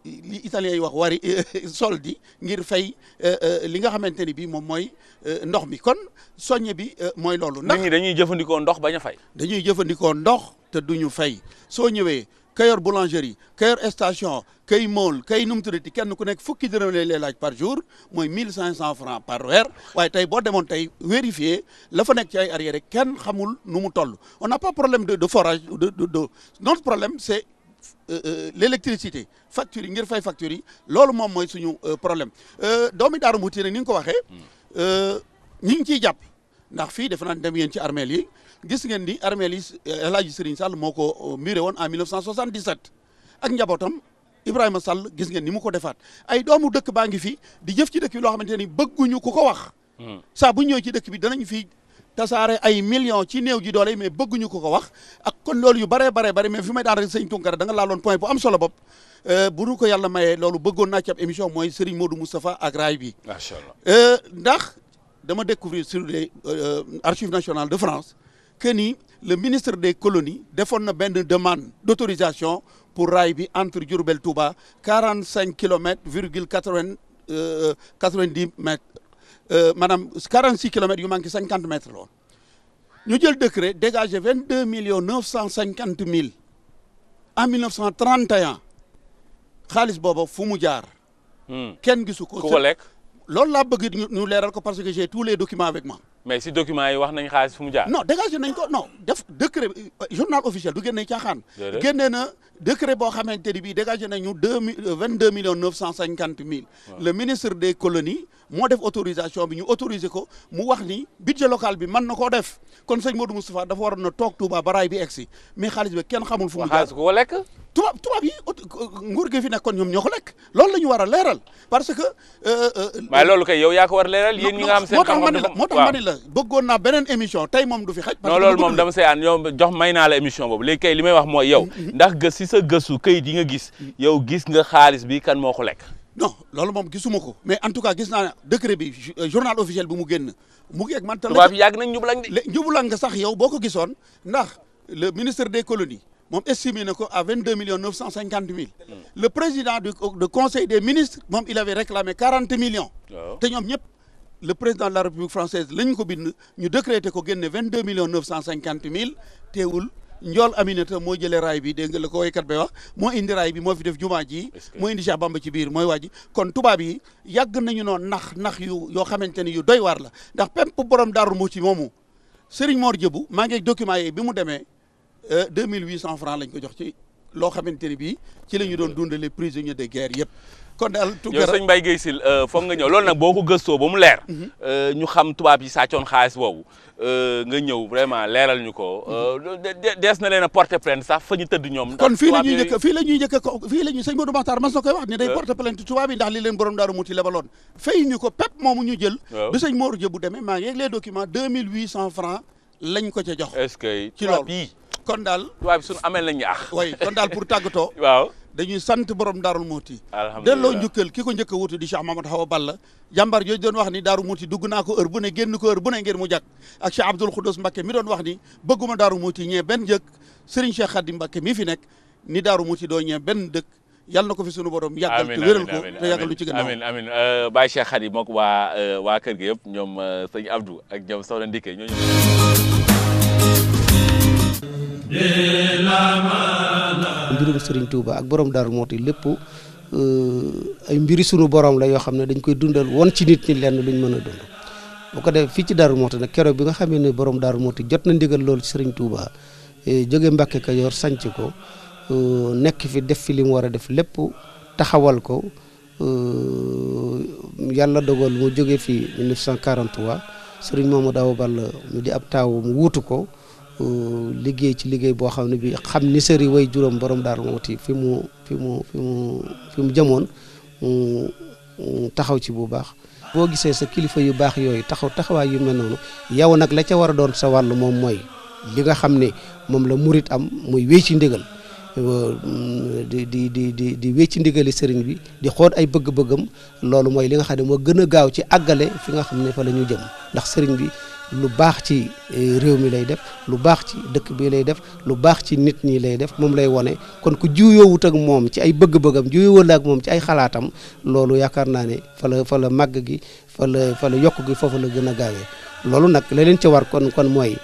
li italiens yi wax wari euh, soldi ngir fay euh, li nga xamante ni bii moom mooy ndox mi kon soñe bi mooy loolu. ndax ñi dañuy jëfandikoo ndox bañ a fay. dañuy jëfandikoo ndox te duñu fay soo ñëwee ka yor boulangerie ka yor station kay mool kay nu mu tuddati kenn ku nekk fukki dërëm lay lay laaj par jour mooy mille cinq cent francs par weer waaye tey boo tey vérifier la fa nekk ci ay arriéré kenn xamul nu mu toll on n'a pas problème de de forage de de notre problème c'est euh, euh, l'électricité facture yi ngir fay facture loolu moom mooy suñu euh, problème doomi Daaru Muxti nag ni nga ko waxee hmm. ñi ngi ciy jàpp ndax fii defe naa dem yéen ci armeel yi gis ngeen di armeel yi eh, El Hadj Serigne Sall moo ko eh, muré woon en 1977 ak njabootam Ibrahima Sall gis ngeen ni mu ko defaat ay doomu dëkk baa ngi fi di jëf ci dëkk bi loo xamante ni bëgguñu ko ko wax. Hmm. saa bu ñëwee ci dëkk bi danañ fi tasaare ay millions ci new ji doole mais bëgguñu ko ko wax ak kon lool yu baree baree bare mais fi may daan rek sëñ Tunkara da nga laaloon point bu am solo bop eh, bu nu ko yàlla mayee loolu bëggoon naa ci ab émission mooy Serigne Modou Moustapha ak raay bi. macha allah ndax dama découvrir sur les euh, euh, archives nationales de France. que ni le ministre des colonies defoon na benn demande d'autorisation pour raay bi entre Diourbel Touba 45 kilomètres virgule 80 90 euh, mètres euh, maanaam 46 kilomètres yu manqué 50 mètres la woon ñu jël décret dégagé 22 millions 950 mille en 1931 xaalis boobo fu mu jaar. Hmm. kenn gisu ko. ku ko lekk loolu laa bëgg ñu leeral ko parce que j'ai tous les documents avec moi. mais si documents yi wax nañ xaalis fu ja jaar. non dégagé nañ ko non def décret euh, journal officiel du génne caaxaan. jërëjëf génne na boo xamante ni bii dégagé nañu deux mille euh, vingt deux millions neuf cent cinquante mille. le ministre des colonies. moo def autorisation bi ñu autoriser ko mu wax ni budget local bi mën na koo def kon sëñ Modou Moustapha dafa waroon na toog Touba ba raay bi egg si mais xaalis bi kenn xamul fu mu jaar ko lekk tubaab tubaab yi nguur gi fi nekkoon ñoom ñoo ko lekk loolu la ñu war a leeral parce que euh, euh, waaye loolu kay yow yaa ko war a leeral yéen ñi nga am seen xam-xam moo la moo tax ma ni la émission tey moom du fi xaj loolu moom dama see jox may naa la émission boobu léegi kay li may wax mooy yow mm-hmm. ndax gës si sa gëstu këyit yi nga gis yow gis nga xaalis bi kan moo ko lekk non lool moom gisuma ko mais en tout cas gis naa décret bi journal officiel bi mu génn mu ngi ak man. tubaab yàgg nañ njublang nga sax yow boo ko gisoon ndax le ministre des colonies moom estimé na ko à vingt deux millions neuf cent cinquante mille. Hmm. le président du de conseil des ministres moom il avait réclamé quarante millions. te ñoom ñëpp le président de la république française lañ ko bind ñu décrété ko génne vingt deux millions neuf cent cinquante mille teewul. njool Aminata moo jëlee raay bi dégg nga la ko woykat bay wax moo indi raay bi moo fi def jumaa ji moo indi Cheikh Bamba ci biir mooy waa ji kon tubaab yi yàgg nañu noonu nax nax yu yoo xamante ne yu doy waar la ndax pemp borom daaru moo ci moomu Serigne moor Jëbu maa ngi document yi bi mu demee euh, deux mille huit cent francs lañ ko jox ci loo xamante ne bii ci la ñu doon dundale prisonnier de guerre yëpp kon daal Tounkara yow sëñ Mbaye Guèye Syll euh, foog nga ñëw loolu nag boo ko gëstoo ba mu leer. Mhm. Euh, ñu xam tubaab yi sàccoon xaalis boobu euh, nga ñëw vraiment leeral ñu ko. Mhm. dees na leen a porter sax fa ñu tëdd ñoom. kon fii la ñuy fii la fii la ñuy sëñ Modou Makhtar mas na koy wax ne day porter plainte tubaab yi ndax li leen borom daaru muti lebaloon fay ñu ko pep moomu ñu jël. waaw bi demee maa ngi les documents 2800 francs lañ ko ca jox. est-ce que ci loolu kon daal. tubaab yi suñu amee lañ ñu ax. oui kon daal pour tàggatoo. waaw dañuy sant borom daarul muuti delloo njukkal ki ko njëkk a wutu di Cheikh Mamadou Hawa Balla jàmbaar jooju doon wax ni daaru muuti dugg naa ko heure bu ne génn ko heure bu ne ngeen mu jàkk ak Cheikh Abdoul Khoudous Mbacké mi doon wax ni bëgguma daaru muuti ñee benn njëkk Serigne Cheikh Khadim Mbacké mii fi nekk ni daaru muuti doo ñee benn dëkk yàlla na ko fi sunu borom yàggal te wéral ko te yàggal lu ci gannaaw amiin amiin euh, Baye Cheikh waa euh, waa kër gi yëpp ñoom euh, sëñ Abdou ak ñoom Soxna Ndike ñooñu mbirum Serigne Touba ak borom Darou Mouhty lépp euh, ay mbiri sunu borom la yoo xam ne dañ koy dundal won ci nit ñi lenn luñ mën a dund bu ko defee fii ci Darou Mouhty nag keroog bi nga xamee ne borom Darou Mouhty jot na ndigal loolu ci Serigne Touba e, jóge Mbàkke kayoor sanc ko e, nekk fi def fi li war a def lépp taxawal ko e, yàlla dogal mu jógee fi 1943 Serigne Mamadou Awa Balla mu di ab taaw mu wuutu ko. liggéey ci liggéey boo xam ne bi xam ni sëri way juróom borom Daaru Muxti fi mu fi mu fi mu fi mu jëmoon taxaw ci bu baax boo gisee sa kilifa yu baax yooyu taxaw taxawaay yu mel noonu yow nag la ca war a doon sa wàll moom mooy li nga xam ne moom la murit am muy wéy ci ndigal di di di di di wéy ci ndigali sëriñ bi di xool ay bëgg-bëggam loolu mooy li nga xam ne moo gën a gaaw ci àggale fi nga xam ne fa la jëm ndax sëriñ bi lu baax ci eh, réew mi lay def lu baax ci dëkk bi lay def lu baax ci nit ñi lay def moom lay wone kon ku juyoowut ak moom ci ay bëgg-bëggam juyoowul ak moom ci ay xalaatam loolu yaakaar naa ne fa la fa la màgg gi fa la fa yokk gi foofu la gën a gaawee loolu nag la leen ci war kon kon mooy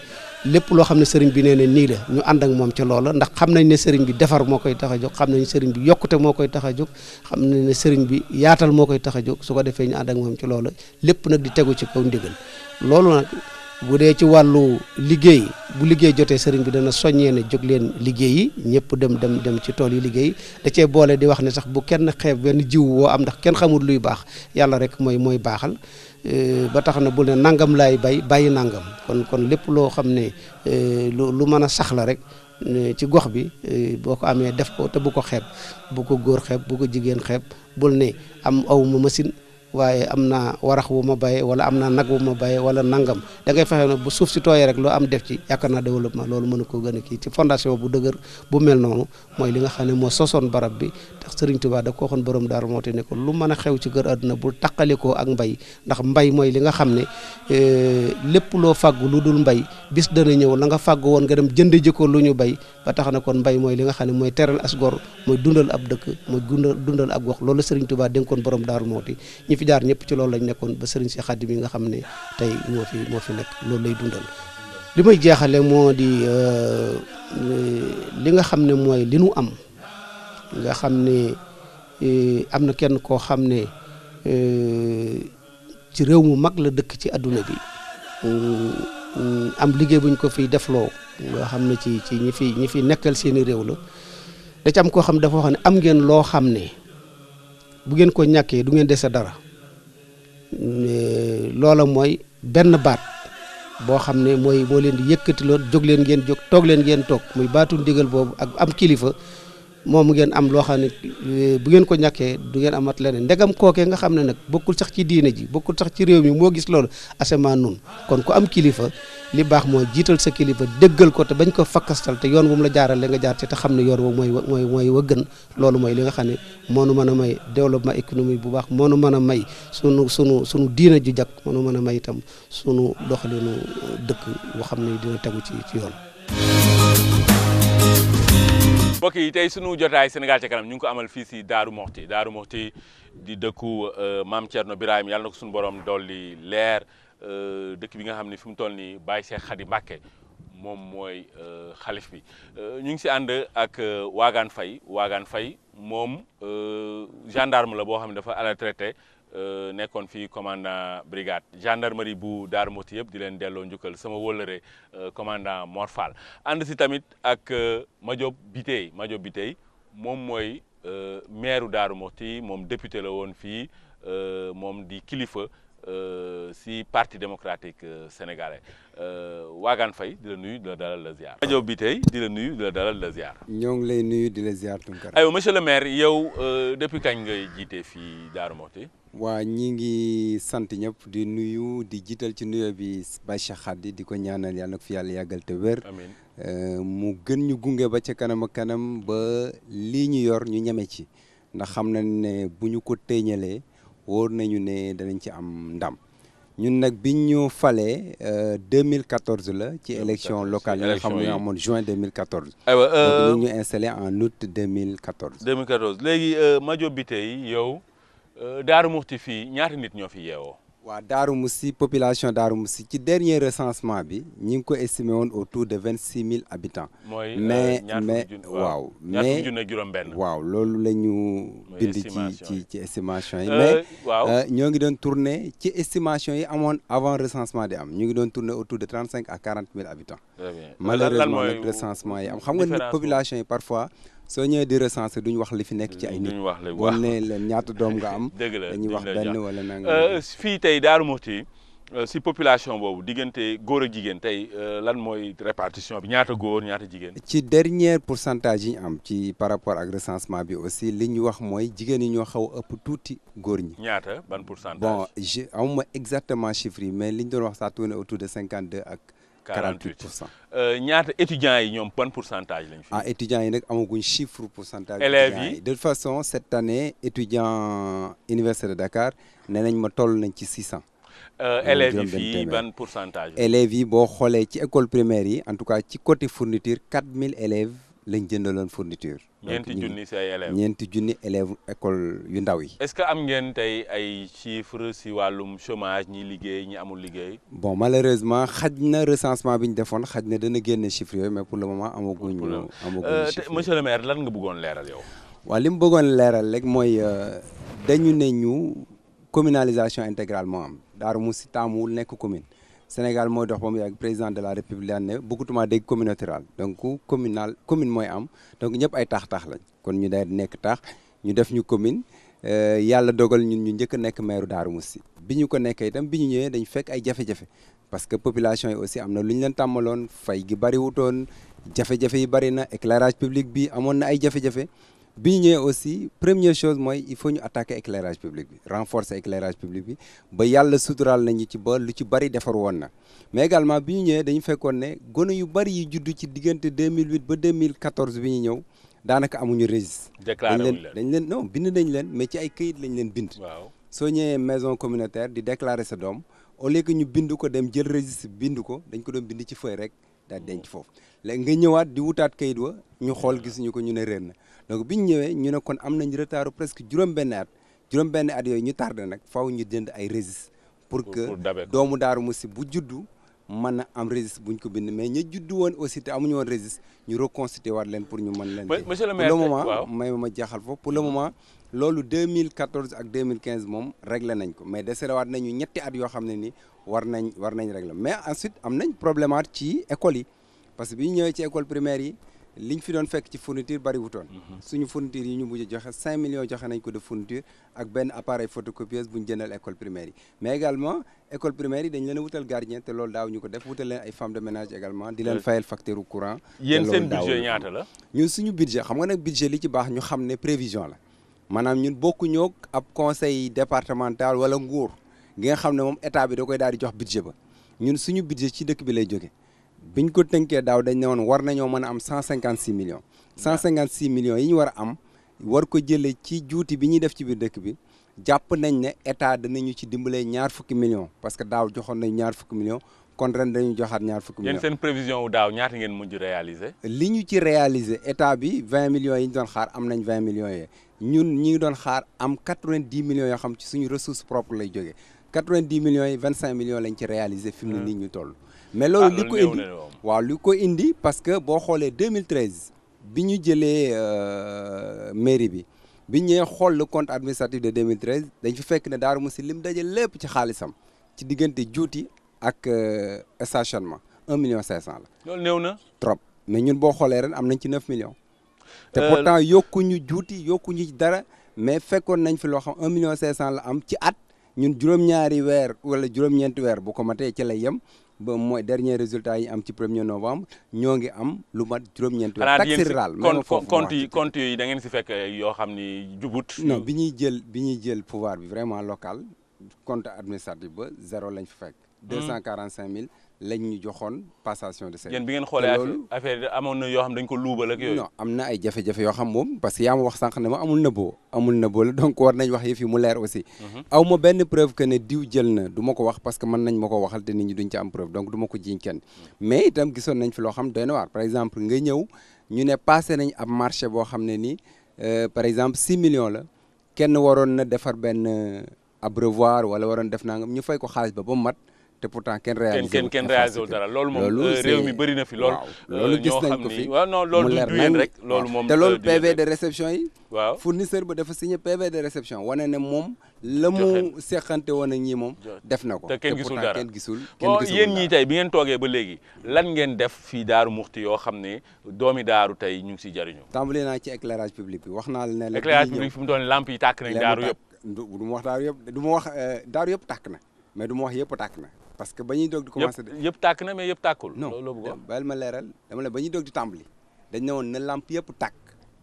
lépp loo xam ne sëriñ bi nee na nii la ñu ànd ak moom ca loola ndax xam nañ ne sëriñ bi defar moo koy tax a jóg xam nañ sëriñ bi yokkute moo koy tax a jóg xam nañ ne sëriñ bi yaatal moo koy tax a jóg su ko defee ñu ànd ak moom ci loola lépp nag di tegu ci kaw ndigal bu dee ci wàllu liggéey bu liggéey jotee sëriñ bi dana soññee ne jóg leen liggéey yi ñëpp dem dem dem ci tool yi liggéey da cee boole di wax ne sax bu kenn xeeb benn jiw woo am ndax kenn xamul luy baax yàlla rek mooy mooy baaxal eh, ba tax na bul ne nangam laay bay bàyyi nangam kon kon lépp loo xam ne eh, lu lu mën a sax la rek ci gox bi eh, boo ko amee def ko te bu ko xeeb bu ko góor xeeb bu ko jigéen xeeb bul ne am aw ma waaye am naa warax wu ma bay wala am na nag wu ma bay wala nangam da ngay fexe na bu suuf si tooyee rek loo am def ci yaakaar naa développement loolu mënu ko gën a kii ci bu dëgër bu mel noonu mooy li nga xam ne moo sosoon barab bi tax Serigne Touba ko waxoon borom Daaru Muxti ne lu mën a xew ci kër àdduna bul taqalikoo ak mbay ndax mbay mooy li nga xam ne eh, lépp loo fàggu lu dul mbay bis dana ñëw la nga fàggu woon nga dem jënd jikko lu ñu bay ba tax na kon mbay mooy li nga xam ne mooy teral asgor mooy dundal ab dëkk mooy dundal dundal ak wax loolu Serigne Touba dénkoon borom Daaru Muxti fi jaar ñëpp ci loolu lañ nekkoon ba sëriñ si xaddi mi nga xam ne tey moo fi moo fi nekk loolu lay dundal li may jeexale moo di euh, li nga xam ne mooy li nu am nga xam ne euh, am na kenn koo xam ne euh, ci réew mu mag la dëkk ci àdduna bi am liggéey buñ ko fi defloo nga xam ne ci ci ñi fi ñi fi nekkal seeni réew la da am koo xam dafa wax ne am ngeen loo xam ne bu ngeen ko ñàkkee du ngeen dese dara Euh, loola mooy benn baat boo xam ne mooy moo leen di yëkkatiloon jóg leen ngeen jóg toog leen ngeen toog muy baatu ndigal boobu ak am kilifa moom ngeen am loo xam ne eh, bu ngeen ko ñàkkee du ngeen amat leneen ndegam kookee nga xam ne nag bokkul sax ci diina ji bokkul sax ci réew mi moo gis loolu asamaan nun kon ku am kilifa li baax moo jiital sa kilifa dëggal ko te bañ ko fakkastal te yoon wu mu la jaaral la nga jaar ci te xam ne yoon woo mooy mooy mooy wa gën loolu mooy li nga xam ne moo nu mën a may développement économique bu baax moo nu mën a may sunu sunu sunu diina ji jag moo nu mën a may itam sunu doxalinu dëkk boo xam ne dina tegu ci ci yoon mbokk yi tey sunu jotaay Sénégal ca kanam ñu ngi ko amal fii si Daaru Moxti Daaru Moxti di dëkku euh, maam no Birahim yàlla na ko suñu borom dolli leer euh, dëkk bi nga xam ne fi mu toll nii bàyyi see Khady Mbacké moom mooy euh, xalif bi ñu ngi si ànd ak Wagan fay Wagan fay moom gendarme la boo xam ne dafa à traité Euh, nekkoon fii commandant brigade gendarmerie bu Darou Mouhty yëpp di leen delloo njukkal sama wóllëre euh, commandant Mor Fall ànd si tamit ak euh, Madiop Bitèye Madiop Bitèye moom mooy maire Darou Mouhty moom député la woon fii moom di kilifa Euh, si parti démocratique euh, sénégalais euh, Wagan Faye di la nuyu di la dalal la ziar. ñoo ngi lay nuyu di la ziar Tunkara. aywa le maire yow depuis kañ ngay jiite fii Darou Mouhty. waa ñi ngi sant ñëpp di nuyu di jiital ci nuyo bi Baye Cheikh di ko ñaanal yàlla na ko fi yàlla yàggal te wér. mu gën ñu gunge ba ca kanam kanam ba lii ñu yor ñu ñeme ci ndax xam nañ ne bu ñu ko téeñalee. wóor nañu ne danañ ci am ndam ñun nag biñ ñu falee 2014 euh, la ci élection locale yi nga xam ne amoon juin 2014. aywa euh, donc ñu installé en août 2014. 2014 léegi euh, Madiop Bitèye yow Darou Mouhty fii ñaata nit ñoo fi yeewoo. waa Darou Moussi population Darou Moussi ci dernier recensement bi ñi ngi ko estimé woon autour de vingt six mille habitants. mooy euh, mais mais waaw mais waaw loolu la ñu. bind ci ci ci estimation yi. Euh, mais euh, ñoo ngi doon tourner ci estimation yi amoon avant recensement di am ñu ngi doon tourner autour de trente cinq à quarante mille habitants. malheureusement recensement yi am xam nga ni population yi parfois. soo ñëwee di recenser duñ wax li fi nekk ci ay nit duñ wax li boo ñaata doom nga am dëgg la dañuy wax benn wala nanga euh, fii tey Daaru Muxti euh, si population boobu diggante góor jigéen tey euh, lan mooy répartition bi ñaata góor ñaata jigéen ci dernier pourcentage yi am ci par rapport ak recensement bi aussi li ñu wax mooy jigéen yi ñoo xaw a ëpp tuuti góor ñi ñaata ban pourcentage bon je amuma exactement chiffre mais li ñu doon wax ça tourne autour de cinquante deux ak 48 pour cent euh, ñaata étudiants yi ñoom ban pourcentage lañ fi. ah étudiants yi nag amaguñ chiffre pourcentage. élèves yi de toute façon cette année étudiants université Dakar nee ma toll nañ ci 600. Euh, élèves yi fii ban pourcentage. élèves yi boo xoolee ci école primaire yi en tout cas ci côté fourniture élèves. lañ jëndaloon fourniture. ñeenti junni si ay élèves ñeenti junni élèves école yu ndaw yi. est-ce que am ngeen tey ay chiffres si wàllum chômage ñi liggéey ñi amul liggéey. bon malheureusement xaj na recensement bi ñu defoon xaj na dana génne chiffres yooyu mais pour le moment amaguñu. amaguñu euh, chiffres monsieur le maire lan nga bëggoon leeral yow. waa li mu bëggoon leeral rek mooy euh, dañu ne ñu communalisation intégrale moo am Darou Mousty taamuwul nekk commune. Sénégal mooy dox ba mu yàgg président de la république daan ne bëggatuma dégg communauté rurale donc communal commune mooy am donc ñëpp ay taax-taax lañ kon ñu day nekk taax ñu def ñu commune euh, yàlla dogal ñun ñu njëkk a nekk maire Darou Moussi bi ñu ko nekkee tam bi ñu ñëwee dañ fekk ay jafe-jafe parce que population yi aussi am na lu ñu leen tàmmaloon fay gi bari wutoon jafe-jafe yi bari na éclairage public bi amoon na ay jafe-jafe bi ñu ñëwee aussi première chose mooy il faut ñu attaquer éclairage public bi renforcer éclairage public bi ba yàlla suturaal nañu ci ba lu ci bari defar woon na mais également bi ñu ñëwee dañu fekkoon ne gone yu bari yi juddu ci diggante 2008 ba 2014 bi ñu ñëw daanaka amuñu registre. déclaré dañ leen dañ leen non bind dañ leen mais ci ay kayit lañ leen bind. waaw soo ñëwee maison communautaire di déclarer sa doom au lieu ñu bind ko dem jël registre bind ko dañ ko doon bind ci feuille rek daal denc foofu léegi nga ñëwaat di wutaat këyit wa ñu xool gisuñu ko ñu ne réer na. donc bi ñu ñëwee ñu ne kon am nañ retard presque juróom-benn at juróom-benn at yooyu ñu tardé nag faw ñu jënd ay registre pour que doomu Daaru Muxti bu juddu man a am registre buñ ko bind mais ña juddu woon aussi te amuñu woon registre ñu reconstitué waat leen pour ñu mën leen monsieur le maire ma jaaxal foofu pour le mm-hmm. moment loolu 2014 ak 2015 moom réglé nañ ko mais desere waat nañu ñetti at yoo xam ne ni war nañ war nañ réglé mais ensuite am nañ problématique ci école yi parce que bi ñëwee ci école primaire yi liñ fi doon fekk ci fourniture bari wutoon mhm. suñu fourniture yi ñu mujj joxe cinq millions joxe nañ ko de fourniture ak benn appareil photocopieuse bu ñu jëndal école primaire yi mais également école primaire yi dañ leen a wutal gardien te loolu daaw ñu ko def wutal leen ay femmes de ménage également di leen fayal facture u courant yéen seen budget suñu budget xam nga nag budget li ci baax ñu xam ne prévision la maanaam ñun bokkuñoo ab conseil départemental wala nguur gi nga xam ne moom état bi da koy daal di jox budget ba ñun suñu budget ci dëkk bi lay jóge biñ ko tënkee daaw dañ ne woon war nañoo mën a am cent cinquante six millions cent cinquante six millions yi war a am war ko jëlee ci juuti bi ñuy def ci biir dëkk bi jàpp nañ ne état danañu ci dimbalee ñaar fukki millions parce que daaw joxoon nañ ñaar fukki millions kon ren dañu joxaat ñaar fukki millions. prévision wu ñaata ngeen mujj réaliser. li ñu ci réaliser état bi vingt millions yi ñu doon xaar am nañ vingt millions ngi doon xaar am quatre vingt dix millions yoo xam ci suñu ressource propre lay jógee quatre yi vingt cinq ci réaliser. fi mu hmm. ñu toll. mais loolu ah, li ko indi waaw lu ko indi parce que boo xoolee 2013 bi ñu jëlee euh, mairie bi bi ñëwee xool le compte administratif de 2013 dañ fi fekk ne Darou Mousty lim daje lépp ci xaalisam ci diggante juuti ak euh, stationnement 1 million 500 la. loolu néew na. trop mais ñun boo xoolee ren am nañ ci 9 millions. te euh, pourtant yokkuñu juuti yokkuñu dara mais fekkoon nañ fi loo xam 1 million 500 la am ci at ñun juróom-ñaari weer wala juróom-ñeenti weer bu ko matee ci lay yem. ba mooy dernier résultat yi am ci premier novembre ñoo ngi am lu mat juróom-ñeenti weer. taxe rural même foofu compte yi compte yi da ngeen si fekk yoo xam ni jubut. non bi ñuy jël bi ñuy jël pouvoir bi vraiment local compte administratif ba zéro lañ fa fekk. 245 hmm. 000. lañ joxoon passation de service. amoon na yoo dañ ko luubal ak yooyu. am na ay jafe-jafe yoo moom parce que wax sànq ne ma amul nëbboo amul nëbboo la donc war nañ wax yëf yi mu leer aussi. Mhm. aw ma benn preuve que ne diw jël na du ma ko wax parce que mën nañ ma ko waxal te nit ñi duñ ci am preuve donc du ma ko jiñ kenn. Mhm. mais itam gisoon nañ fi xam doy na exemple nga ñëw boo xam ne ni euh, par exemple 6 millions la kenn waroon na defar benn euh, abreuvoir wala waroon def nangam ñu fay ko xaalis ba ba mat. te pourtant kenn réalisé kenn kenn réalisé dara loolu moom euh, réew mi bëri na fi lool loolu euh, gis nañ ko fi waaw non loolu du moom euh, te loolu PV de réception yi waaw fournisseur ba dafa signé PV de réception wane ne moom la mu woon ak ñi moom def na ko te kenn gisul dara kenn gisul bon yéen ñii tey bi ngeen toogee ba léegi lan ngeen def fii daaru muxti yoo xam ne doomi daaru tey ñu ngi si jariñu tàmbali naa ci éclairage public bi wax naa ne la éclairage public fi mu doon lamp yi tàkk nañ daaru yëpp du ma wax daaru yëpp du na mais du wax yëpp tàkk na parce que bañuy ñuy doog di commencé de yëpp tàkk na mais yëpp tàkkul loolu bëgg bàyyil la ba ñuy doog di tàmbali dañ ne woon na lamp yëpp takk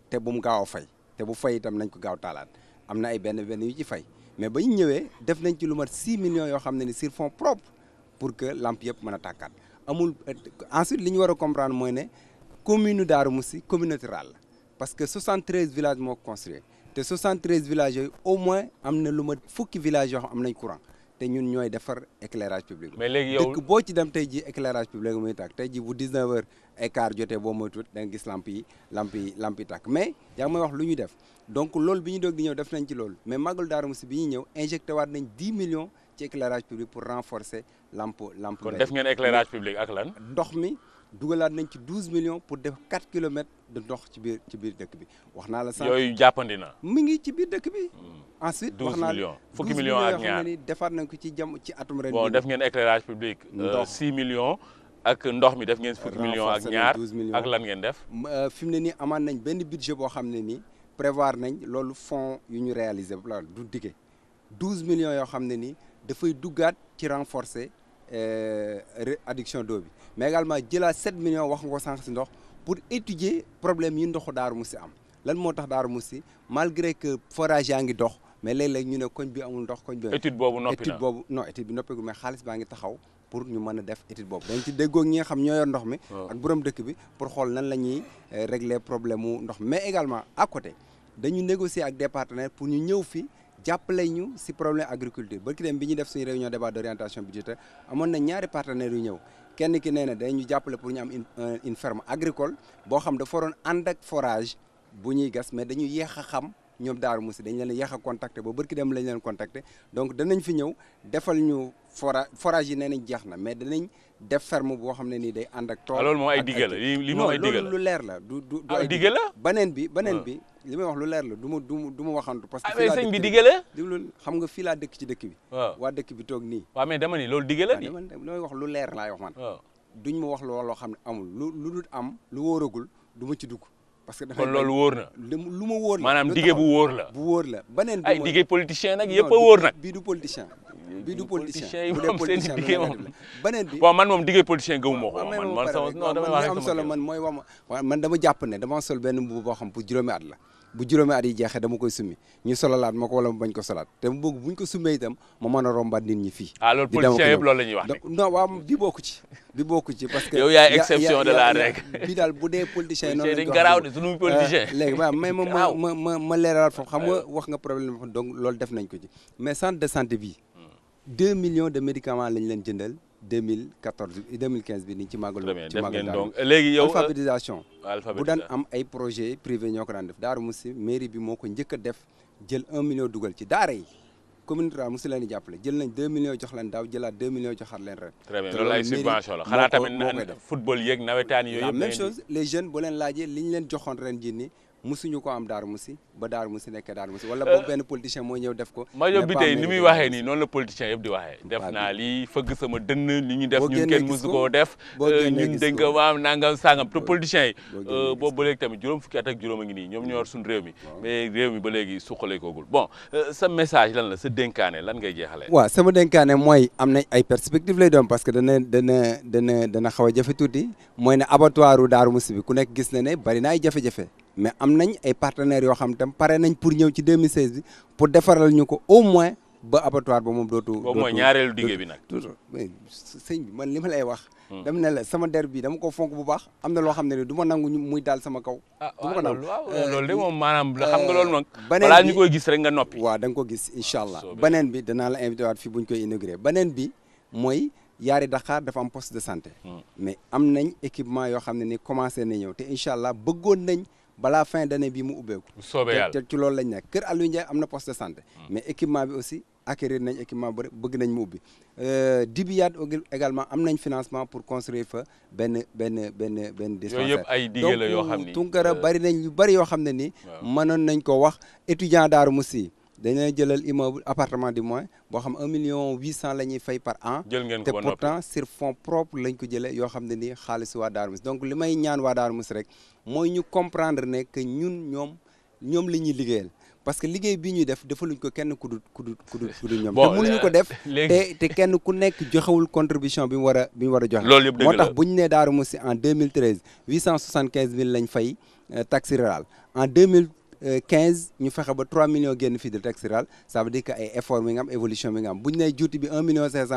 te bu mu gaaw a fay te bu fay itam nañ ko gaaw taalaat am na ay benn benn yu ci fay mais ba ñëwee def nañ ci lu mat 6 millions yoo xam ne ni sur fonds propres pour que lamp yëpp mën a tàkkaat amul ensuite li ñu war a comprendre mooy ne commune Darou Moussi communauté rurale la parce que 73 villages moo ko construire te 73 villages yooyu au moins am na lu mat fukki villages yoo xam am nañ te ñun ñooy defar éclairage public. mais léegi yow boo ci dem tey jii éclairage public muy tàkk tey jii bu 19 heures et quart jotee boo moytuwul da gis lamp yi lamp yi lamp mais yaa ngi wax lu ñu def donc loolu bi ñu dog di ñëw def nañ ci lool mais Magal Darou Mousty bi ñuy ñëw injecté waat nañ 10 millions ci éclairage public pour renforcer lamp lamp. kon def ngeen éclairage public ak lan ndox mi. dugalaat nañ ci douze millions pour def quatre kilomètres de ndox ci biir ci biir dëkk bi wax naa la. sànq yooyu jàppandi na. mi ngi ci biir dëkk bi. Hmm. ensuite wax naa la fukki million ak ñaar ni defaat nañ ko ci jam ci atum ren. bon def ngeen éclairage public. Euh, ndox six million ak ndox mi def ngeen fukki millions ak ñaar ak lan ngeen def. Euh, fi mu ne nii amaat nañ benn budget boo xam ne nii prévoir nañ loolu fonds yu ñu réaliser la du dige douze millions yoo xam ne nii dafay duggaat ci renforcer euh, réduction d'eau bi. mais également jëlaat 7 millions wax nga ko sànq si ndox pour étudier problème yi ndoxu Daaru Musi am lan moo tax Daaru mussi malgré que forage yaa ngi dox mais léeg-léeg ñu ne bi amul ndox koñ bi. boobu noppi boobu non étude bi noppi gu mais baa ngi taxaw ñu mën a def étude boobu dañ ci déggoo ñi nga xam ñoo yor mi. ak borom dëkk bi pour xool nan la ñuy eh, régler problème mu ndox mais également à côté dañu négocier ak des partenaires pour ñu ñëw fii jàppale ñu si problème agriculture barki dem bi ñuy def suñu réunion a d' orientation budgétaire amoon na ñaari partenaires yu ñëw kenn ki nee na dañu jàppale pour ñu am euh, une ferme agricole boo xam dafa waroon ànd forage bu ñuy gas mais dañu yéex a xam ñoom Daaru Musi dañ leen yéex a contacté ba barki dem lañ leen contacté donc danañ fi ñëw defal ñu fora forage yi nee nañ jeex na mais danañ def ferme boo xam ne nii day ànd ak tool ah, loolu moom ay digal li moom wax digal lu leer la du du ah, ay digal bi beneen ah. bi li may wax lu leer la du ma du ma du waxantu parce que bi digal la déglu xam nga fii laa dëkk ci dëkk bi waaw waa dëkk bi toog nii waaw mais dama loolu digal la di damay wax lu leer laay wax man duñ ma wax looloo xam ne amul lu lu dul am lu wóoragul du ma ci dugg parce que dafay loolu wóor na. lu ma wóor la maanaam dige bu wóor la. bu wóor la beneen ay dige politicien nag yëpp a nag. bii du politicien. bii du politicien bu dee politicien bi beneen bi. bon man dige politicien gëmu ma ko. man man sama non damay man mooy wax ma. man dama jàpp ne dama sol benn mbubu boo xam pour juróomi at la. bu juróomi at yi jeexee dama koy summi ñu solalaat ma ko wala ma bañ ko solaat te mu bëgg buñ ko summee itam ma mën a rombaat nit ñi fii. ah loolu politicien yëpp loolu la wax ne. non waaw bi bokku ci bi bokku ci parce que. yow yaay exception de la règle. bi daal bu dee politicien noonu dañ garaaw de sunu politicien. Euh, léegi mais ma ma ma ma leeralal foofu xam nga wax nga problème donc loolu def nañ ko ci mais centre de santé bii. 2 millions de médicaments lañ leen jëndal. 2014 2015 bi ni ci màggal ci màggal donc léegi yow euh, alphabétisation bu daan am ay projet privé ñoo ko daan def Daaru Musi mairie bi moo ko njëkk def jël 1 million dugal ci daar yi commune rurale musu leen di jàppale jël nañ 2 millions jox leen daaw jëlaat 2 millions joxaat leen ren très bien loolu ay subvention tamit football yeeg nawetaan yooyu yëpp même chose les jeunes leen laajee li ñu joxoon ren jii nii musuñu ko am Darou Moussi ba daar Darou Moussi nekk Darou Moussi wala euh, boobu benn politicien moo ñëw def ko. ma yóbbu tey ni muy waxee nii noonu la politicien yëpp di waxee. def naa lii fëgg sama dënn li ñu def ñun kenn musu koo def. Euh, ñun dégg nga maam nangam sangam te politiciens yi. Euh, boobu ba léegi tamit juróom fukki at ak a ngi ñoom ñoo suñu réew mi. mais réew mi ba léegi suqalee koogul bon sa message lan la sa dénkaane lan ngay jeexalee. sama dénkaane mooy am na ay perspectives lay doon parce que dana dana dana dana xaw a jafe tuuti mooy ne abattoiru daar Moussi bi ku nekk gis na ne bari na ay jafe mais am nañ ay partenaires yoo xam tam pare nañ pour ñëw ci 2016 bi pour defaral ñu ko au moins ba abattoir ba moom dootu. dootu boobu mooy ñaareelu bi nag. sëñ man li ma lay wax. Hmm. dama ne la sama der bi dama ko fonk bu baax am na loo xam ne ni du ma nangu muy daal sama kaw. ah waaw euh, moom maanaam xam nga euh, loolu nag. beneen bi ñu koy gis rek nga noppi. waaw da nga ko gis incha allah. beneen bi danaa la invité waat fii bu ñu koy inauguré beneen bi mooy. yaari Dakar dafa am poste de santé. Hmm. mais am nañ équipement yoo xam ne ni commencé na ñëw te incha allah bëggoon nañ. balaa fin d'année bii mu ubbeeku. soobee yàlla te loolu lañ nekk Kër Aliou Ndiaye am na poste de santé. Hmm. mais équipement bi aussi acquérir nañ équipement bu bëgg nañ mu ubbi. Euh, Dibiyaat également am nañ financement pour construire fa benn benn benn benn dispensaire. ay dige yoo xam ni donc Tunkara euh, bari nañ lu bari yoo xam ne ni. mënoon nañ ko wax étudiant Darou Moussi. dañuy jëlal immeuble appartement du moins boo xam un million huit cent la ñuy fay par an. jël ngeen ko te pourtant sur propre lañ ko jëlee yoo xam ne ni xaalis waa Darou Mouhty donc li may ñaan waa Darou Mouhty rek mooy ñu comprendre ne que ñun ñoom ñoom la ñuy liggéeyal. parce que liggéey bi ñuy def defaluñ ko kenn ku dul ku dul ku dul ku dul ñoom. te mënuñu ko euh, def te te kenn ku nekk joxewul contribution bi mu war a bi mu war a joxe. loolu yëpp dëgg moo tax bu ñu nee Darou Mouhty en 2013 875 000 lañ fay euh, taxe rurale en 2000. quinze ñu fexe ba trois millions génn fii de taxe rurale ça veut dire que ay effort mi nga am évolution mi nga am bu ñu nee juuti bi un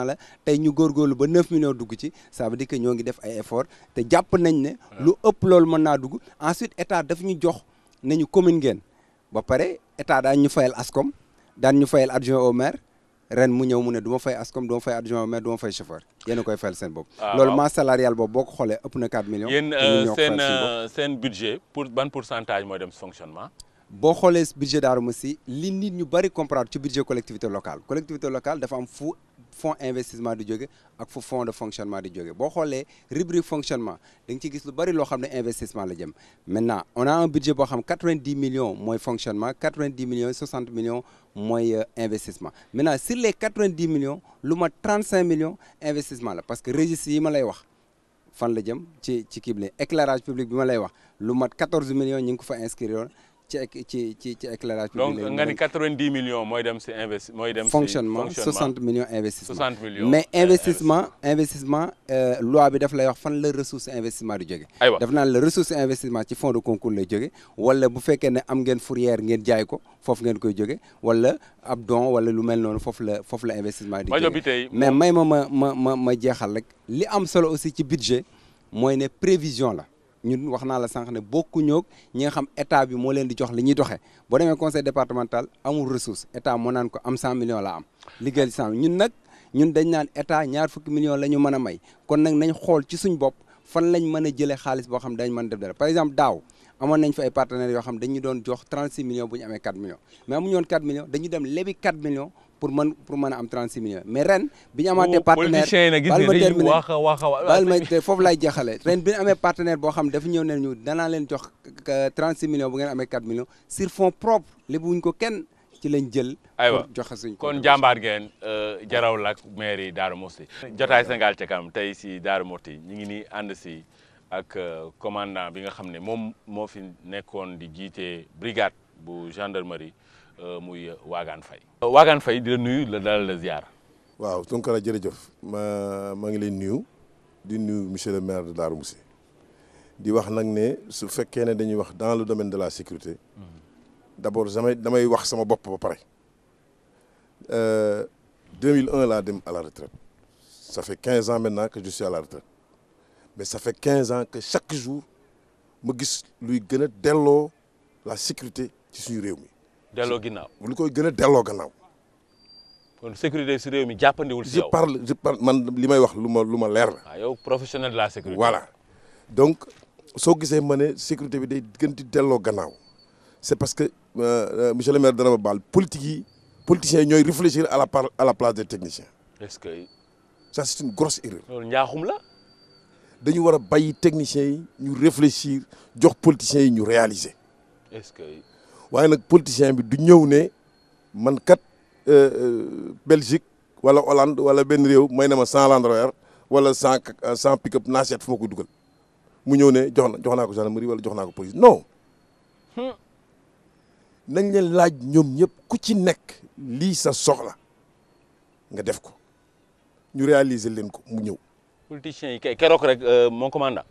la tey ñu góorgóorlu ba neuf millions dugg ci ça veut que ñoo ngi def ay effort te jàpp nañ ne lu ëpp loolu mën naa dugg ensuite état daf ñu jox nañu commune ngeen ba pare état daan ñu fayal ASCOM daan ñu fayal adjoint au maire ren mu ñëw mu ne du ma fay ASCOM du ma fay adjoint au maire du ma fay chauffeur yéen a koy fayal seen bopp. Ah, loolu masse salariale boo ko xoolee ëpp na euh, seen euh, seen budget pour ban pourcentage mooy dem fonctionnement. boo xoolee budget Darou Mousty li nit ñu bari comprendre ci budget collectivité local collectivité local dafa am fu fonds investissement di jóge ak fu fonds de fonctionnement di jóge boo xoolee rubrique fonctionnement da nga ci gis lu bari loo xam ne investissement la jëm maintenant on boo xam 90 millions mooy fonctionnement 90 millions 60 millions mooy euh, investissement maintenant sur les 90 millions lu ma 35 millions investissement la parce que registre yi ma lay wax fan la jëm ci ci kii bi éclairage public bi ma lay wax lu mat 14 millions ñu ngi ko fa inscrire ci ci ci ci éclairage public. donc mooy dem si investi mooy dem si fonctionnement soixante millions investissement. soixante millions mais investissement investissement euh, loi bi daf lay wax fan la ressource investissement di jóge. aywa daf naan la ressource investissement ci fonds de concours lay jóge wala bu fekkee ne am ngeen fourrière ngeen jaay ko foofu ngeen koy jóge wala ab don wala lu mel noonu foofu la foofu la investissement di jóge mais may ma ma ma ma ma jeexal rek li am solo aussi ci budget mooy ne prévision la. ñun wax naa la sànq ne bokkuñoo ñi nga xam état bi moo leen di jox li ñuy doxee boo demee conseil départemental amul ressource état moo naan ko am 100 millions la am liggéeyal 100 ñun nag ñun dañ naan état ñaar fukki millions la ñu mën a may kon nag nañ xool ci suñ bopp fan lañ mën a jëlee xaalis boo xam dañ mën def dara par exemple daaw amoon nañ fi ay yoo xam dañu doon jox 36 millions bu ñu amee 4 millions mais amuñu woon 4 millions dañu pour mën pour mën a am millions mais ren bi ñu amaatee partenaire bal ma terminé foofu lay jeexale ren bi amee partenaire boo xam dafa ñëw ne ñu danaa leen jox 36 millions bu ngeen amee 4 millions sur fonds propre ñu ko kenn ci lañ jël aywa joxe suñ kon jàmbaar ngeen euh, jaraw lak mairie Darou Mouhty jotaay Sénégal ca kanam tey si Darou Mouhty ñi ngi nii ànd si ak euh, commandant bi nga xam ne moom moo fi nekkoon di jiite brigade bu gendarmerie Euh, muy Waagaan Fay Waagaan Fay di la nuyu la daal la ziar. waaw Tounkara jërëjëf ma ma ngi leen nuyu di nuyu monsieur le maire de daal Moussi di wax nag ne su fekkee ne dañuy wax dans le domaine de la sécurité mm-hmm. d'abord damay damay wax sama bopp ba pare 2001 euh, laa dem à la retraite ça fait 15 ans maintenant que je suis à la retraite mais ça fe 15 ans que chaque jour ma gis luy gën a delloo la sécurité ci suñu réew mi delloo ginnaaw bu koy gën a delloo gannaaw. kon sécurité si réew mi jàppandiwul si yow. je parle je parle man li may wax lu ma lu ma leer la. waaw ah, yow professionnel de la sécurité. voilà donc soo gisee ma ne sécurité bi day gën di delloo gannaaw c' parce que euh, euh, monsieur le maire dana ma baal politique yi politiciens yi ñooy réfléchir à la par à la place des techniciens. est ce une grosse erreur. loolu njaaxum la. dañu war a bay techniciens yi ñu réfléchir jox politiciens yi ñu réaliser. est ce que. waaye nag politicien bi du ñëw ne man kat euh, euh, Belgique wala Hollande wala benn réew may na ma cent Land Rover wala cent euh, cent pick-up naa seet fu ma koy dugal mu ñëw ne jox na jox naa ko mari wala jox naa ko police non nañ leen laaj ñoom ñëpp ku ci nekk lii sa soxla nga def ko ñu réaliser leen ko mu ñëw. politiciens yi kay keroog rek euh, mon commandant.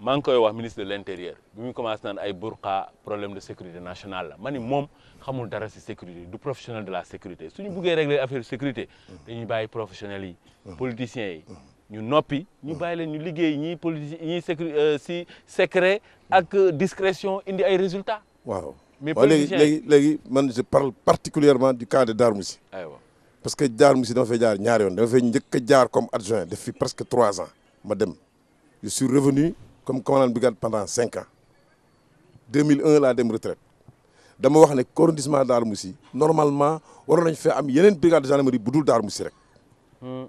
maa ngi koy wax ministre de l' intérieur bi muy commencé naan ay burqa problème de sécurité nationale la ma ni moom xamul dara si sécurité du professionnel de la sécurité suñu bugee régler affaire sécurité dañuy bàyyi professionnels yi politiciens yi ñu noppi ñu bàyyi leen ñu liggéey ñii politique ñii sécurité euh, si secret ak discrétion indi ay résultat waaw mais léegi léegi léegi man je parle particulièrement du cas de Darmoussi aywa parce que jaar mu si dama fay jaar ñaari yoon dama fay njëkk a jaar comme adjoint def fi presque trois ans ma dem je suis revenu comme commandant de brigade pendant cinq ans 2001 dem retraite dama wax ne arrondissement Darou Moussi normalement waroon nañ fee am yeneen brigade de gendarmerie bu dul Darou Moussi rek. Hmm.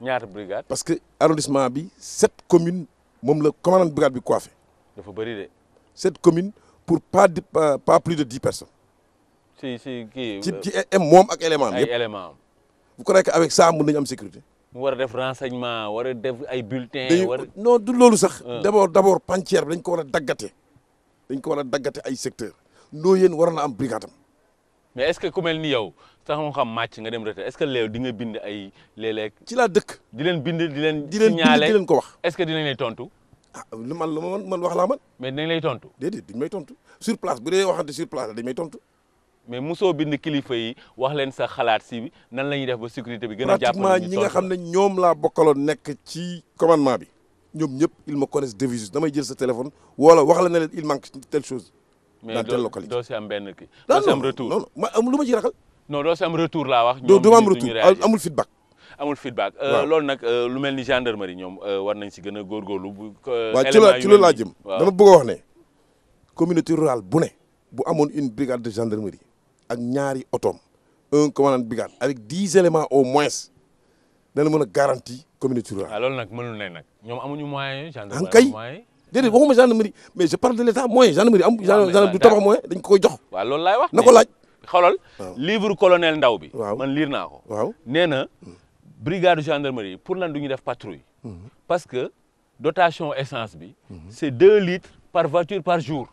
ñaata brigade. parce que arrondissement bi sept commune moom la commandant de brigade bi coiffé. dafa bëri de. sept pour pas pas plus de si si kii. ci euh, ci eh, moom ak élément am bu ko nekkee avec ça mën nañu am sécurité. war a def renseignement war a def ay bulletins. war du loolu sax. Ah. d' abord d' abord pantière bi dañ ko war a daggate. ay secteurs. noo yéen war na am brigade am. mais est ce ni yow sax nga xam màcc nga dem retraite est ce que di nga bind ay léeg-léeg. dëkk. di leen bind di leen. di leen bind di leen ko wax. tontu. ah lu man lu man man man. mais dinañ lay tontu. déedéet duñ may tontu sur place bu dee waxante sur place mais mosoo bind kilifa yi wax leen sa xalaat si nan la ñuy def ba sécurité bi. gën a jàpp pratiquement ñi nga xam ne ñoom laa bokkaloon nekk ci commandement bi ñoom ñëpp ils me connaissent de damay jël sa téléphone wala wax la ne leen il manque telle chose. dans telle localité mais doo si am benn kii. am retour non non ma am lu ma ci raxal. non doo si am retour laa wax. ñoom du am retour amul feedback. amul feedback euh, loolu nag euh, lu mel ni gendarmerie ñoom euh, war nañ si gën a góorgóorlu. bu waaw ci la ci laa jëm. dama bëgg a wax ne communauté rurale bu ne bu amoon une brigade de gendarmerie ak ñaari otoom un commandant brigade avec dix éléments au moins dana mën a garantie communauté rurale. a ah, loolu nag mënul ne nag ñoom amuñu moyen. gendarmerie kay déedéet waxuma gendarmerie mais je parle de l' état moyen gendarmerie am. gendarmerie du tabax moyen dañ ko koy jox. waaw loolu laay wax na ko laaj. xoolal livre colonel Ndaw bi. waaw man liir naa ko. waaw nee na brigade gendarmerie pour lan du ñu def patrouille. Mhm. parce que dotation essence bi. c' deux litres par voiture par jour.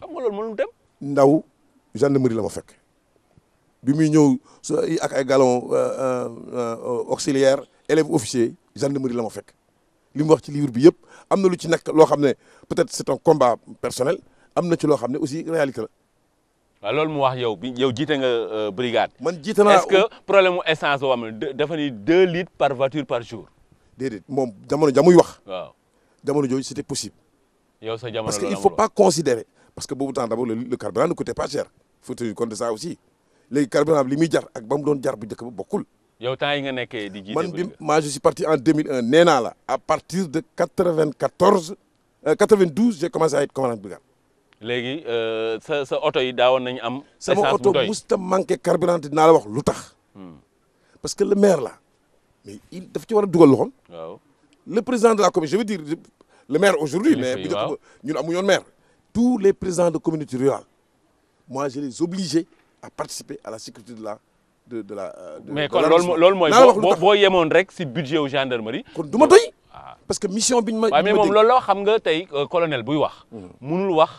xam nga loolu mënul Ndaw gendarmerie la ma fekk. bi muy ñëw ak ay galon euh, euh, euh, auxiliaire élève officier gendarmerie la ma fekk li mu wax ci livre bi yëpp am na lu ci nakk loo xam ne peut-être c'est un combat personnel am na ci loo xam ne aussi réalité la waaw loolu mu wax yow bi yow jiite nga brigade. man jiite naa est-ce que problème mu essence boo xam ne dafa deux litres par voiture par jour. déedéet moom jamono ja muy wax. waaw jamono jooju c'était possible. yow sa jamono parce que il faut pas considérer parce que boobu temps d'abord le carburant ne coûtait pas cher léegi carburant bi li muy jar ak ba mu doon jar bu njëkk bu bokkul. yow temps yi nga nekkee di. jiite man ma je suis parti en 2001 nee naa la à partir de 94 92 euh, j'ai commencé à être commandant de brigade. léegi euh, sa sa oto yi daawoon nañu am. essence bu doy sama oto musta manqué carburant dinaa la wax lu tax. Hmm. parce que le maire la mais il daf ci war a dugal loxoom. waaw le président de la commune je veux dire le maire aujourd'hui mais bu njëkk ba ñun amuñu woon maire. tous les présidents de communauté rural moi je les obligé. à participer à la sécurité de la de de la. Euh, mais kon loolu loolu mooy. boo yemoon rek si budget wu gendarmerie. kon du ma doy. Ah. parce que mission bi ñu ma. waaw mais moom loolu xam nga tey euh, colonel buy wax. mënul hmm. wax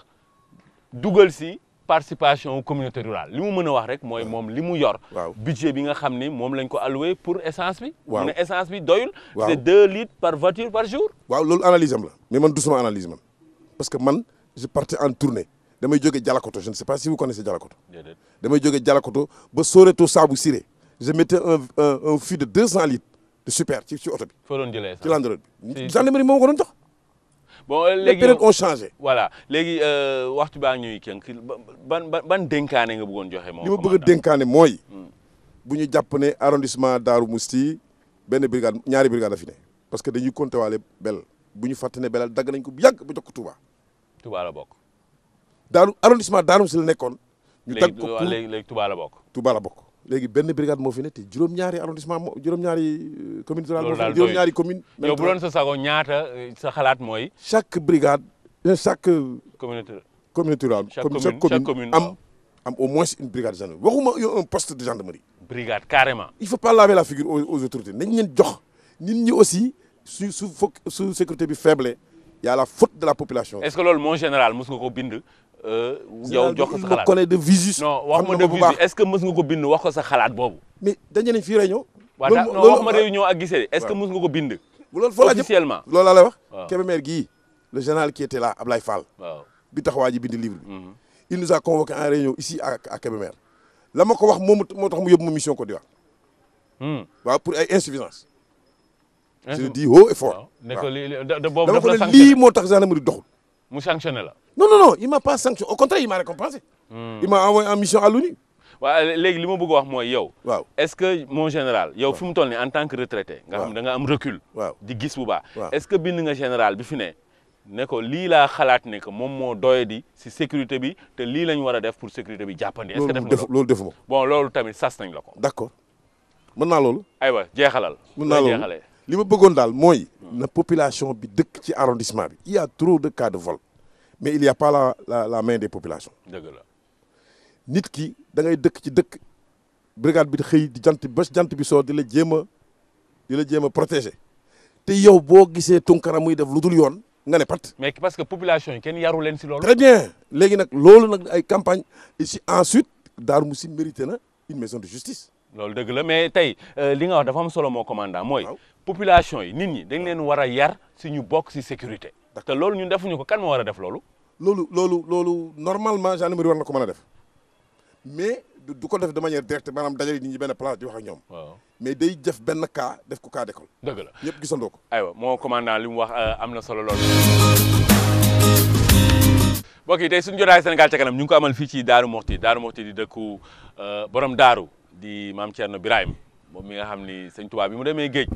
dugal si. participation communauté rural li mu mën a wax rek mooy hmm. moom li mu yor. budget bi nga xam ni moom lañ ko alloué pour essence bi. waaw mu ne essence bi doyul. waaw c' est deux litres par voiture par jour. waaw loolu analyse am la mais man du sama analyse man parce que man je partais en tournée. damay jóge jalakoto je ne sais pas si vous connaissez Dialakoto. damay jóge Dialakoto ba Soreto Saabu Siré je mettais un un un fût de 200 litres de super ci ci oto bi. foo jëlee ci Landerode bi. gendarmerie ko doon jox. bon euh, léegi les changé. voilà léegi euh, waxtu baa ñuy kenn ban ban ban dénkaane nga bëggoon joxe moom. li ma bëgg a dénkaane mooy. Hmm. bu ñu jàpp ne arrondissement Darou Mousti benn brigade ñaari brigade la fi parce que dañuy compter waale bel bu ñu fàtte ne belal dagg nañ ko bu yàgg bu jox ko Touba. Touba bokk. daaru arrondissement Daarum si la nekkoon. ñu tag ko pour léegi léegi Touba la bokk. Touba la bokk léegi benn brigade moo fi ne te juróom-ñaari arrondissement moo juróom-ñaari euh, commune rurale moo fi juróom-ñaari commune yow bu doon sa sago ñaata euh, sa xalaat mooy. chaque brigade euh, chaque. communauté communauté rurale. chaque commune am am au moins une brigade gendarmerie waxuma yow un poste de gendarmerie. brigade carrément. il faut pas laver la figure aux aux autorités nañ leen jox nit ñi aussi su su fo su sécurité bi faible y a la faute de la population. est-ce que loolu mon général mos nga ko bind. Euh, yow jox ko de visus. non wax ma de est que mës nga ko bind wax ko sa xalaat boobu. mais dañu ne fii réunion. loolu non wax ma réunion a gisee est que mës nga ko bind. loolu foo la jëm officiellement loolu laa lay wax. waaw Kébémer gii le général qui était là Ablaye Fall. bi taxawaa ji bind livre bi. Mhm. il nous a convoqué en réunion ici à à Kébémer. la ma ko wax moom moo tax mu yóbbu ma mission Côte d'Ivoire. Hmm. waaw pour ay insuffisance je le dis et fort. boobu daf la sanctionné dama lii moo tax gendarmerie doxul. mu sanctionné la. non non non m'a pas sanctionné au contraire il m'a récompensé. Hmm. il m'a envoyé en mission à l'ONU. waaw euh, léegi li ma bëgg a wax mooy yow. waaw est-ce que moom général. yow fi mu tol nii en tant que retraité. nga xam da nga am recul. waaw di gis bu baax. est-ce que bind nga général bi fi ne. ne ko lii laa xalaat ne que moom moo doy di si sécurité bi te lii lañ war a def pour sécurité bi jàppandi. est-ce que def nga loolu defuma loolu tamit sas nañ la ko. d'accord mën naa loolu. aywa jeexalal. mën naa loolu li ma bëggoon daal mooy. Hmm. na population bi dëkk ci arrondissement bi. il y a trop vol. mais il y pas la la la main des population dëgg la nit ki da ngay dëkk ci dëkk brigade bi xëy di jant ba jant bi soo di la jéem a di la jéem a protéger te yow boo gisee Tunkara muy def lu dul yoon nga ne pat. mais parce que population yi kenn yaru leen si loolu. très bien léegi nag loolu nag ay campagne et si ensuite Darou Moussi mérité na une maison de justice. loolu dëgg la mais tey euh, li nga wax dafa am solo moo commandant mooy. population yi nit ñi dañ leen war a yar si ñu bokk si sécurité. te loolu ñun defuñu ko kan moo war a def loolu. loolu loolu loolu normalement gendarmerie war na ko mën a def mais du du ko def de manière directe maanaam dajale nit ñi benn place di wax ak ñoom. mais day jëf benn cas def ko kaa d'école. dëgg la ñëpp gisandoo ko. aywa moo commandant li mu wax euh, am na solo lool. mbokk yi tey suñ jotaay Sénégal ca kanam ñu ngi ko amal fii ci Daaru Moxti Daaru Moxti di dëkku euh, borom daaru di maam Thierno Birahim moom mi nga xam ni sëñ Tuubaa bi mu demee géej.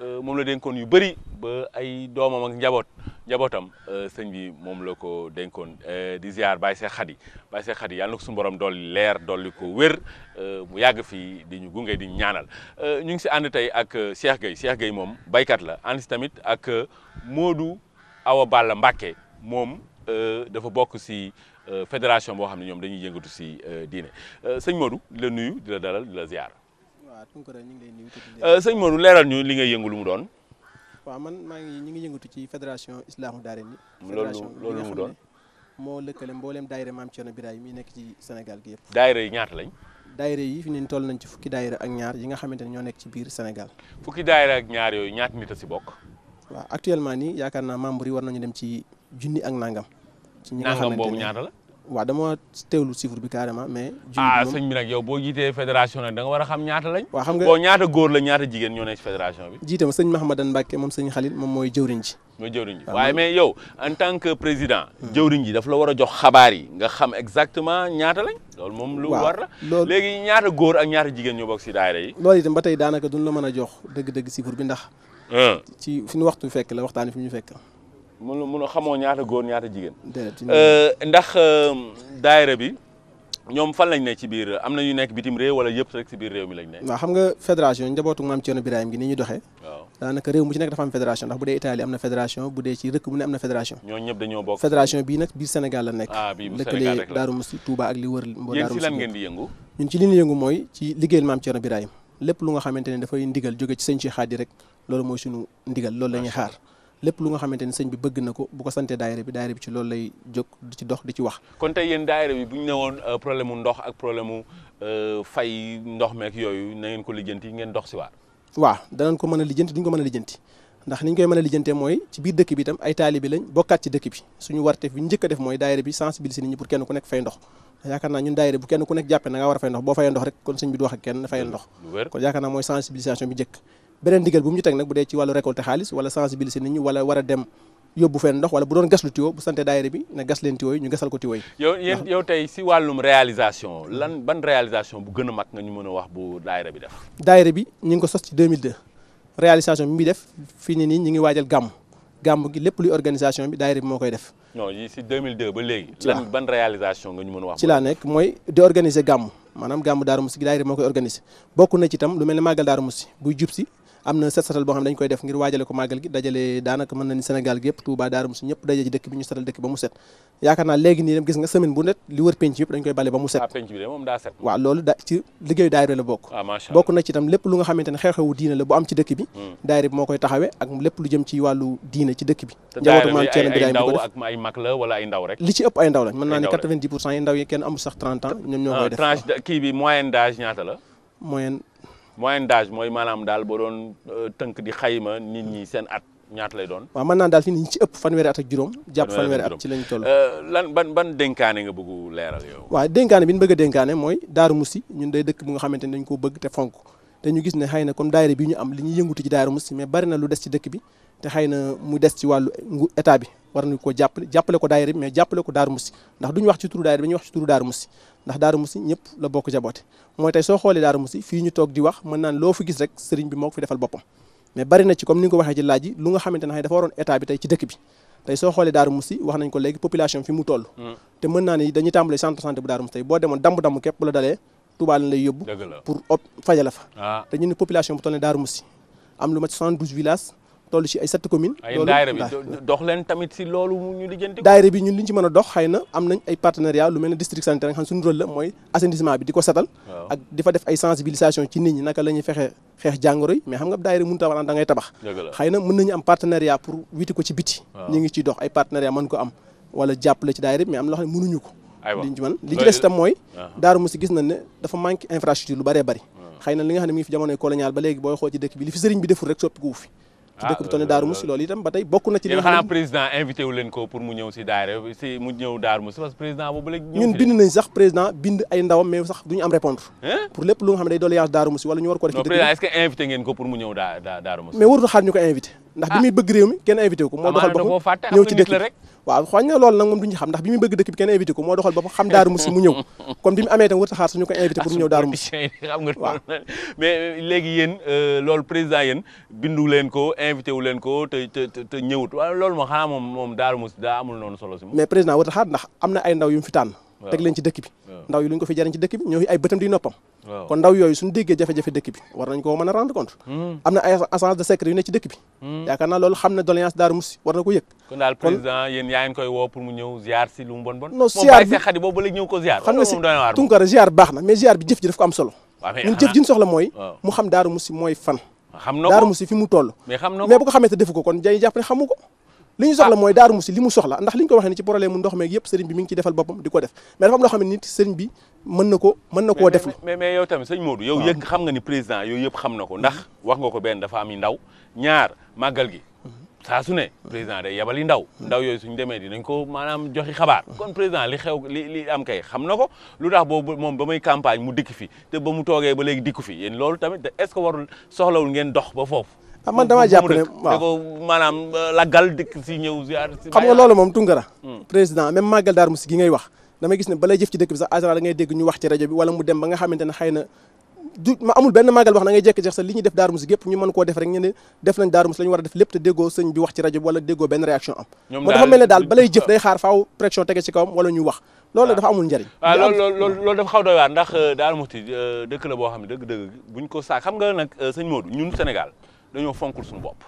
Euh, moom la dénkoon yu bëri ba ay doomam ak njaboot njabootam euh, sëñ bi moom la ko dénkoon euh, di ziar Baye Cheikh Khady Baye Cheikh Khady yàlla na ko suñu borom dolli leer dolli ko wér mu yàgg fii di ñu gunge di ñaanal ñu ngi si ànd tey ak Cheikh Gueye Cheikh Gueye moom baykat la ànd si tamit ak Modou Awa Balla Mbacké moom dafa bokk si fédération boo xam ne ñoom dañuy yëngatu si diine sëñ Modou di la nuyu di la dalal di la ziar. waaw Tunkara ñu ngi lay nuyu. Euh, sëñ Modou leeral ñu li ngay yëngu lu mu doon. waaw man maa ngi ñu ngi yëngatu ci fédération Islaamu Daarayni. fédération loolu lu mu doon. moo lëkkale mboolem daayira maam Thierno Biraye mi nekk ci Sénégal gi yëpp. daayira yi ñaata lañ. daayira yi fi ñu toll nañ ci fukki daayira ak ñaar yi nga xamante ne ñoo nekk ci biir Sénégal. fukki daayira ak ñaar yooyu ñaat nit a si bokk. waaw actuellement nii yaakaar naa membre yi war nañu dem ci junni ak nangam. ci ñi nga xamante ne nangam boobu ñaata la. waaw dama teewlu chiffre bi carrément mais. ah sëñ bi nag yow boo jiitee fédération nag da nga war a xam ñaata lañ. waaw xam nga boo ñaata góor la ñaata jigéen ñoo nekk ci fédération bi. jiite ma sëñ Mahamadan Mbacke moom moom mooy jëwriñ ji. mooy jëwriñ ji waaye mais yow en tant que président. Hmm. jëwriñ ji daf la war a jox xabaar yi nga xam exactement ñaata lañ. loolu moom lu war la loolu léegi ñaata góor ak ñaata jigéen ñoo bokk ci daayira yi. loolu ba tey daanaka duñ la mën a jox dëgg-dëgg chiffre bi ndax. Hmm. ci fi ñu waxtu fekk la waxtaan fi ñu fekk mënu mënu xamoo ñaata góor ñaata jigéen. Euh, ndax euh, daayira bi ñoom fan lañ ne ci biir am na ñu nekk bitim réew wala yëpp rek si biir réew mi lañ ne. waaw xam nga fédération njabootu ni ñu doxee. waaw daanaka réew mu ci nekk dafa am fédération ndax bu dee Italie ne am na fédération. ñooñu ñëpp dañoo bokk fédération bii nag biir Sénégal la nekk. ah bii bu Sénégal rek la lëkkale Darou Mousty ak li wër. yéen si lan ngeen yëngu ñun ci li yëngu mooy ci liggéeyal maam Thierno Birahim lépp lu nga xamante ne dafay ndigal jóge ci sëñ ci xaadi rek loolu mooy suñu ndigal loolu la ñuy xaar lépp lu nga xamante ni sëñ bi bëgg na ko bu ko sante daayira bi daayira bi ci loolu lay jóg di ci dox di ci wax kon tey yéen daayira bi bu ñu ne euh, problème mu ndox ak problème mu euh, fay ndox meek yooyu na ngeen ko lijjanti ngeen dox si waat waaw a lijjanti duñ a a a def mooy daayira bi naa ñun daayira bu kenn ku nekk jàppe na war a fay ndox boo fayee ndox rek kon sëñ bi du wax ak kenn fayal ndox kon yaakaar naa mooy sensibilisation bi njëkk beneen digal bu mu ñu teg nag bu dee ci wàllu récolte xaalis wala sensibiliser nit ñi wala war a dem yóbbu fenn ndox wala bu doon gaslu tiwo bu sante daayira bi na gas leen tiwo yi ñu gasal ko tiwo yi yow tey si wàllum réalisation lan ban réalisation bu gën a mag nga ñu mën a wax bu daayira bi def daayira bi ñu ngi ko sos ci 2002 réalisation bi muy def fii ni nii ñu ngi waajal gàmm gàmm gi lépp luy organisation bi daayira bi moo koy def non yi si 2002 ba léegi lan ban réalisation nga ñu mën a wax ci laa nekk mooy di organiser gàmm maanaam gàmm Daaru Musti gi daayira moo koy organiser bokk na ci itam lu mel ne màggal Daaru Musti si am na set satal boo xam ne dañ koy def ngir waajale ko màggal gi dajale daanaka mën nañ Sénégal gi yëpp Touba Darou Mouhty ñëpp daje ci dëkk bi ñu setal dëkk ba mu set yaakaar naa léegi nii dem gis yëpp dañ ah, ah, ci dëkk bi hmm. daayira bi rek li ci ëpp ay ndaw la naa ne 90 pour cent ah, ñaata la moyenne d'âge mooy maanaam daal boo doon euh, tënk di xayma nit ñi seen at ñaata lay doon. waaw mën naa daal fi ñu ci ëpp fanweeri at ak juróom. jàpp fanweeri at ci lañ toll. Euh, ban ban nga bëgg leeral yow. waaw dénkaane bi ñu bëgg a mooy Darou mussi ñun day dëkk bu nga xamante ni dañ ko bëgg te fonk te ñu gis ne xëy na comme daayira bi ñu am li ñuy yëngutu ci Darou Moussi mais bari na lu des ci dëkk bi te xëy na mu des ci wàllu état bi war nañu ko jàppale jàppale ko daayira bi mais jàppale ko Darou Moussi ndax duñu wax ci ñu wax ci turu ndax Daaru Musi ñëpp la bokk jaboote mooy tey soo xoolee Daaru Musi fii ñu toog di wax mën naan loo fi gis rek sëriñ bi moo ko fi defal boppam mais bari na ci comme ni ko waxee ci laaj yi lu nga xamante ne dafa waroon état bi tey ci dëkk bi tey soo xoolee Daaru Musi wax nañ ko léegi population fi mu toll hmm. te mën naa ni dañuy tàmbalee centre santé bu Daaru Musi tey boo demoon damb-damb képp bu la dalee Touba lañ lay yóbbu pour op fajala ah. am lu ma ci 72 toll ci ay sept communes. loolu daayira bi dox ñu lijjanti. ñu ci mën a dox xëy am nañ ay partenariat lu mel ne district sanitaire nga xam suñu rôle mooy assainissement bi di ko setal. ak di fa def ay sensibilisation ci nit ñi naka la ñuy fexe xeex jàngoro yi mais xam nga daayira mënut a waral da ngay tabax. na mën nañu am partenariat pour witi ko ci uh-huh. gis nañ ne dafa manque infrastructure lu bëree bëri. Uh-huh. xëy na li nga xam ne mi ngi fi jamonoy colonial ba léegi booy xool ci dëkk bi li fi sëriñ bi deful rek soppiku fi ci dëkk bu toll ne Daaru Musi loolu itam ba tey bokk na ci li xanaa président invité wu leen ko pour mu ñëw si daayira si mu ñëw Daaru Musi parce que président boobu léegi ñun bind nañ sax président bind ay ndawam mais sax duñu am répondre pour lépp lu xam ne day doléance Daaru ñu war ko def ci dëkk président est-ce que invité ngeen ko pour mu ñëw daa Daaru Musi mais xaar ñu ko invité ndax bi ah. muy bëgg réew mi kenn invité ko moo doxal boppam ñëw ci dëkk bi waaw xañ na loolu nag moom duñu xam ndax bi muy bëgg dëkk bi kenn invité ko moo doxal boppam xam daaru musi mu ñëw comme bi mu amee tam wër taxaar suñu ko invité mu ñëw daaru musi ah, mais léegi yéen euh, loolu président yéen bindu leen ko invité wu leen ko te ñëwut waaw loolu moom moom moom daaru musi daa amul noonu solo si mais président wër taxaar ndax am na ay ndaw yu mu fi tànn teg leen ci dëkk bi ndaw yi lu ñu ko fi jariñ ci dëkk bi ñoo ay bëtam di noppam kon ndaw yooyu suñu déggee jafe-jafe dëkk bi war nañ a rendre compte hmm. am na ay agence de secret yu ne ci dëkk hmm. naa loolu xam ne doléance Darou Moussi war na ko yëg kon daal président yéen yaa baax na mais ziar bi jëf ji ko am solo ñun jëf ji soxla mooy mu xam Darou Moussi mooy fan Darou Moussi fi mu toll mais bu ko xamee te defu ko kon jay xamu ko li ñu soxla ah. mooy Daaru Musi li mu soxla ndax li ñu ko waxee ni ci problème mu ndox meeg yëpp sëriñ bi mi ngi ci defal boppam di ko def mais dafa am loo xam ne nit sëriñ bi mën na ko mën na koo def la mais mais yow tamit sëñ Modou yow ah. yëg xam nga ni président yooyu yëpp xam na ko ndax mm-hmm. wax nga ko benn dafa am yi ndaw ñaar màggal gi mm-hmm. saa su ne mm-hmm. président day yebal yi ndaw ndaw yooyu suñu demee dinañ ko maanaam joxi xabaar kon président li xew li li am kay xam na ko lu tax boobu moom ba muy campagne mu dikk fi te ba mu toogee ba léegi dikku fi yéen loolu tamit est-ce que warul soxlawul ngeen dox ba foofu ah man damaa jàpp ne waaw maanaam euh, laggal dëkk si ñëw ziar xam nga loolu moom Tounkara hmm. président même màggal Darou Mousty gi ngay wax damay gis ne bala jëf ci dëkk bi sax asra da ngay dégg ñu wax ci rajo bi wala mu dem ba nga xamante ne xëy na du ma amul benn màggal wax na ngay jekk-jekk sax li ñuy def Darou Mousty gépp ñu mën koo def rek ne def nañ Darou Mousty la ñu a def lépp te déggoo wax ci rajo bi wala déggoo benn réaction am moo ne daal balay jëf day xaar faaw pression tege ci kawam wala ñu wax loolu dafa amul njëriñ waaw ah, loolu loolu loolu dafa xaw doy waar ndax euh, Darou Mousty euh, dëkk la xam ne dëgg-dëgg buñ ko saak xam nga nag sëñ Modou ñun Sénégal dañoo fonkul suñu bopp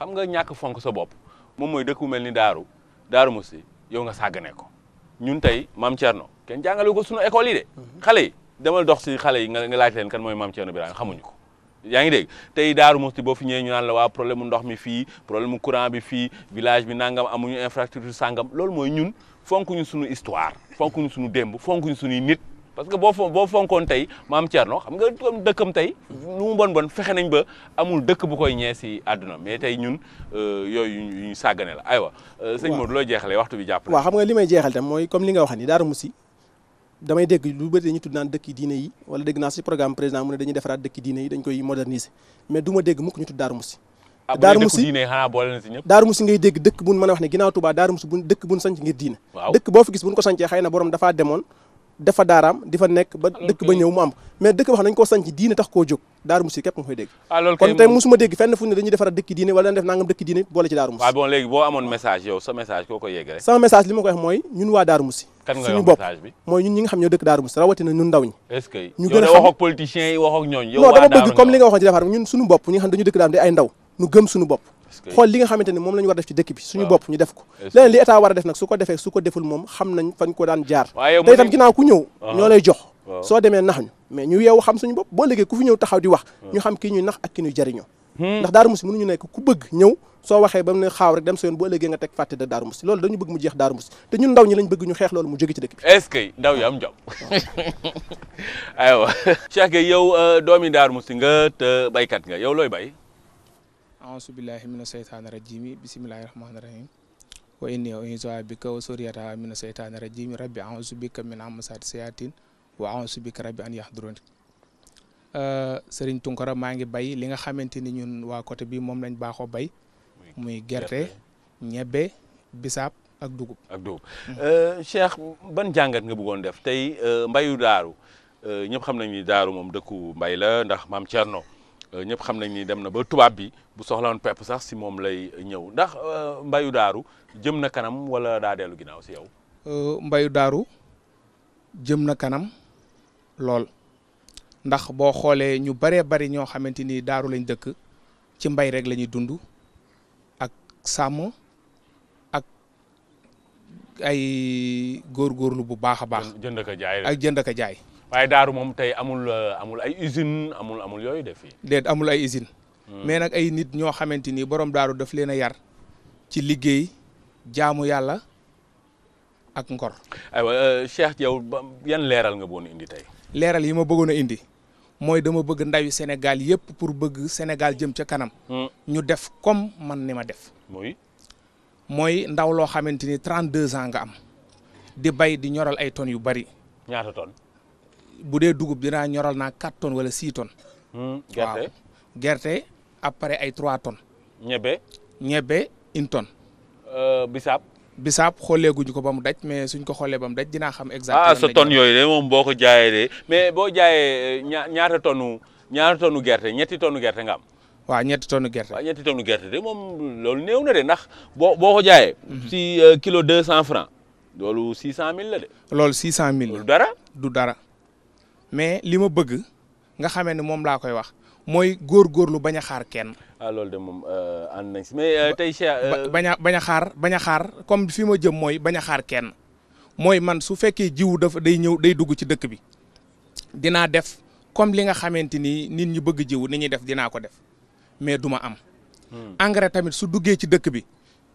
xam nga ñàkk fonk sa bopp moom mooy dëkk bu mel ni daaru daaru musi yow nga sàggane ko ñun tey maam Thierno kenn jàngale ko suñu école yi de mhm. xale yi demal dox si xale yi nga laaj leen kan mooy maam Thierno Birahim xamuñu ko yaa ngi dégg tey Daaru Musti boo fi ñëwee ñu naan la waa problème mu ndox mi fii problème mu courant bi fii village bi nangam amuñu infrastructure sàngam loolu mooy ñun fonk fonkuñu suñu histoire fonkuñu suñu démb fonkuñu suñuy nit parce que boo fon boo fonkoon tey maam Thierno xam nga comme dëkkam tey lu mu bon ba amul dëkk bu koy ñee si àdduna mais tey ñun euh, yooyu yu ñu sàggane la aywa. Euh, waaw sëñ Modou looy waxtu bi jàpp waaw xam nga li may jeexal tam mooy comme li wax ni Darou Moussi damay dégg lu bëri dañuy tudd naan dëkki diine yi wala dégg naa si programme président mu ne dañuy defaraat dëkki diine yi Daaru Musi ah, ngay dégg dëkk buñ mën a wax ne ginnaaw Touba Daaru Musi buñ dëkk buñ sanc ngir diine dëkk boo fi gis buñ ko sancee xëy na borom dafaa demoon dafa daaraam di fa nekk ba dëkk ba ñëw mu am mais dëkk ba xam nañu koo sanc diine tax koo jóg daaru musi képp nga koy dégg ah, kon tey musuma dégg fenn fu ne dañuy musi ko yeggale sama message li ma koy wax mooy ñun waa daaru musi suñu bopp mooy ñun ñi nga xam ñoo dëkk daaru musi rawatina ñun ndaw ñi a xam ñu gëm suñu bopp xool li nga xamante ni moom la ñu war def ci dëkk bi suñu bopp ñu def ko leneen li état war a def nag su ko defee su ko deful moom xam nañ fañ ko daan jaar te itam ginnaaw ku ñëw ñoo lay jox soo demee nax ñu mais ñu yeewu xam suñu bopp boo liggéey ku ñëw taxaw di wax hmm. ñu xam kii ñuy nax ak ki ñuy jariñoo hmm. ndax daaru musi mënuñu nekk ku bëgg ñëw soo waxee ba mu ne xaaw rek dem sa nga teg fàtte de daaru musi loolu dañu bëgg mu jeex daaru musi te ñun ndaw ñi lañ bëgg ñu xeex loolu mu jóge ci yi am jom aywa euh, doomi daaru musi nga te baykat nga yow looy bay aùzu billaahi mina seytaani rajiim bismillaahi rahmaani rahiim wa inni u'iizuhaa bika wa zurriyyatahaa mina seytaani rajiim rabbi aùzu bika min hamazaati sayaatiin wa aùzu bika rabbi an yahduruun Sëriñ Tunkara maa ngi bay li nga xamante ni ñun waa côté bi moom lañ baaxoo bay muy gerte ñebbe bisaab ak dugub ak dugub mm-hmm. ban jàngat nga bëggoon def tey mbayu daaru ñëpp xam nañ ni daaru moom dëkku mbay la ndax maam Thierno Euh, ñëpp xam nañ ni dem na ba tubaab bi bu soxlawoon pepp sax si moom lay ñëw ndax euh, mbayu daaru jëm na kanam wala daa dellu ginnaaw si yow. Euh, mbayu daaru jëm na kanam lool ndax boo xoolee ñu baree bari ñoo xamante ni daaru lañ dëkk ci mbay rek la ñuy dund ak sàmm ak ay góor góorgóorlu bu baax a baax. jënd ka jaay ak jënd ka jaay. waaye daaru moom tey amul euh, amul ay usine amul amul yooyu def fii amul ay usine hmm. mais nag ay nit ñoo xamante ni borom daaru daf leen a yar ci liggéey jaamu yàlla ak ngor. aywa euh, Cheikh yow yan leeral nga bëggoon indi tey. leeral yi ma bëggoon a indi mooy dama bëgg ndawi Sénégal yëpp pour bëgg Sénégal jëm ca kanam. Hmm. ñu def comme man ni ma def. mooy. mooy ndaw loo xamante ni 32 ans nga am. di bay di ñoral ay tonnes yu bari. ñaata tonnes. bu dee dugub dinaa ñoral naa quatre tonnes wala six tonnes. Hmm, gerte waaw gerte après ay trois tonnes. ñebe. ñebe une tonne. Euh, bisaab. bisaab xoolee guñu ko ba mu daj mais suñ ko xoolee ba mu daj dinaa xam. exactement ah sa yooyu de moom boo ko jaayee de mais bo jaayee euh, ña ton tonne ñaata tonne gerte ñetti tonne gerte nga am. waaw ñetti tonne gerte. waaw ñetti tonne gerte de moom loolu néew na de ndax boo boo ko jaayee. Mhm. si euh, kilo deux cent franc. loolu six cent mille la de. loolu six cent mille. dara du dara. mais li ma bëgg nga xamee ne moom laa koy wax mooy góorgóorlu bañ a xaar kenn. ah loolu de moom euh, ànd nañ si mais euh, euh, bañ a bañ a xaar bañ xaar comme fi ma jëm mooy bañ a xaar kenn mooy man su fekkee jiw dafa day ñëw day dugg ci dëkk bi dinaa def comme li nga xamante ni nit ñi bëgg jiw ni ñuy def dinaa ko def mais du ma am. Hmm. engrais tamit su duggee ci dëkk bi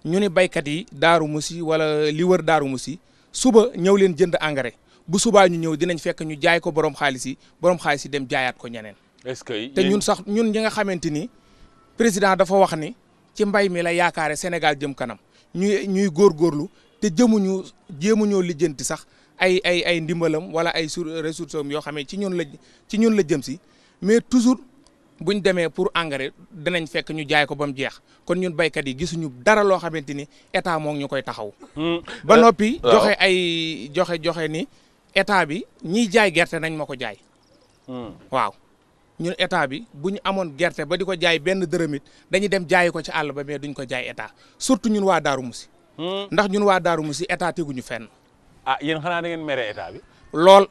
ñu ni baykat yi Daaru si wala li wër Daaru mu si suba ñëw leen jënd engrais. bu subaa ñu ñëw dinañ fekk ñu jaay ko borom xaalis yi borom xaalis yi dem jaayaat ko ñeneen. est-ce que te ñun sax ñun ñi nga xamante ni président dafa wax ni ci mbay mi la yaakaare Sénégal jëm kanam ñuy ñuy góorgóorlu te jëmuñu jéemuñoo lijjanti sax ay ay ay ndimbalam wala ay sur ressources yoo xam ne ci ñun la ci ñun la jëm si mais toujours buñ demee pour engrais dinañ fekk ñu jaay ko ba mu jeex kon ñun béykat yi gisuñu dara loo xamante ni état moo ñu koy taxaw. Hmm. ba euh, noppi joxe ay joxe joxe ni. état bi ñiy jaay gerte nañ ma ko jaay. Hmm. waaw ñun état bi bu ñu amoon gerte ba di ko jaay benn dërëmit dañuy dem jaayi ko ci àll ba mais duñ ko jaay état surtout ñun waa daaru Moussi. Hmm. ndax ñun waa daaru Moussi état teguñu fenn. ah yéen xanaa da ngeen mere état bi. lool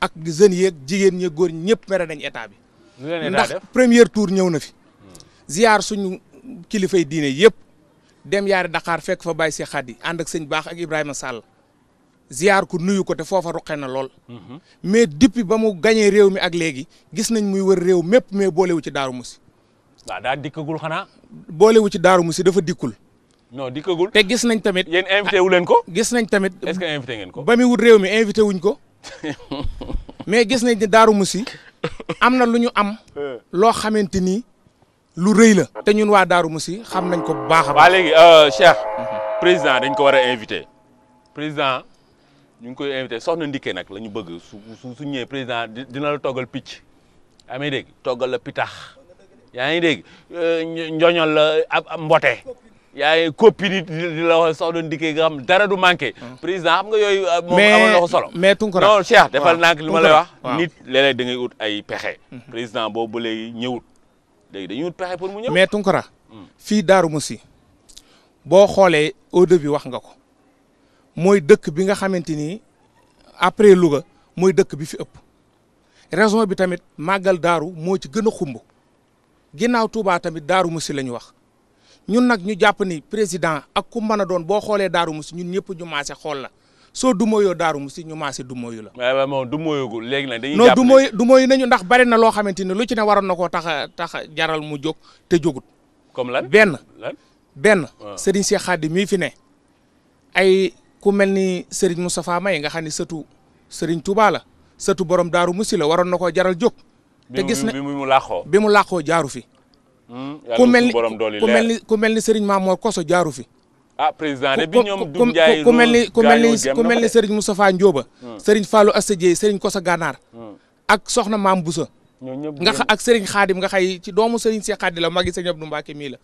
ak jeunes yeeg jigéen ñi góor ñëpp mere nañ état bi. ndax premier tour ñëw na fi. Hmm. ziar suñ kilifay diine yëpp dem yaari Dakar fekk fa Baye Cheikh Khady ànd ak sëñ baax ak Ibrahima Sall. ziar ko nuyu ko te foofa ruqe na lool. Mhm. mais depuis ba mu gañee réew mi ak léegi gis nañ muy wër réew mépp mais boolewu ci Daaru mussi waaw daa dikkagul xanaa. boolewu ci Daaru Musi dafa dikkul. non dikkagul te gis nañ tamit. yéen invité wu leen ko. Ah, gis nañ tamit. invité ngeen ko. ba muy wut réew mi invité wuñ ko. mais gis nañ ne Daaru mussi am na lu ñu am. Euh. loo xamante ni lu rëy la. te ñun waa Daaru Musi xam nañ ko bu baax a baax. waa léegi euh, Cheikh. président dañ ko war a invité président. ñu ngi koy invité soxna Ndike nag la ñu bëgg su su su président dina la toggal picc yaa ngi dégg toggal la pitax yaa ngi dégg euh, njoñol la ab mbote. yaa ngi coppi di di la wax soxna Ndike nga xam dara du manqué. Hmm. président xam nga yooyu. Euh, moom amoon na ko solo mais mais Tunkara non Cheikh defal naa li ma lay wax. nit léeg-léeg da ngay ut ay pexe. Hmm. président boobu ba léegi ñëwut léegi dañu ut pexe pour mu ñëw. mais Tunkara. Hmm. fii Darou Moussi boo xoolee au début wax nga ko. mooy dëkk bi nga xamante ni après Louga mooy dëkk bi fi ëpp raison bi tamit màggal daaru moo ci gën a xumb ginnaaw Touba tamit daaru musi la ñu wax ñun nag ñu jàpp ni président ak ku mën a doon boo xoolee daaru musi ñun ñëpp ñu maase xool la soo dumoyoo daaru musi ñu maase dumoyu la. waaw waaw moom dumoyugul léegi nag dañuy jàpp non dumoy dumoyu nañu ndax bari na loo xamante ni lu ci ne waroon na koo tax a tax a jaral mu jóg te jógut. comme lan benn. lan benn. Ah. Serigne Cheikh Khady mii fi ne ay. ku mel ni Serigne Moustapha May nga xam ne sëtu sëriñ Touba la sëtu borom daaru musi la waroon na koo jaral jóg. te gis na bi mu làqoo bi mu làqoo jaaru fi. Hmm? ku mel ni ku mel ni ku mel ni Serigne Mamor Koso jaaru fi. ah président de bi ñoom Doudou Ndiaye mel ni ku mel ni ku mel ni Serigne Moustapha Ndioba. Hmm. Serigne Fallou Asta Dieye Serigne Koso Ganaar. Hmm. ak soxna Maam Boussa. nga ak Serigne Khadim nga xay ci doomu Serigne Cheikh Khadi la magi Serigne Abdou Mbacké mii la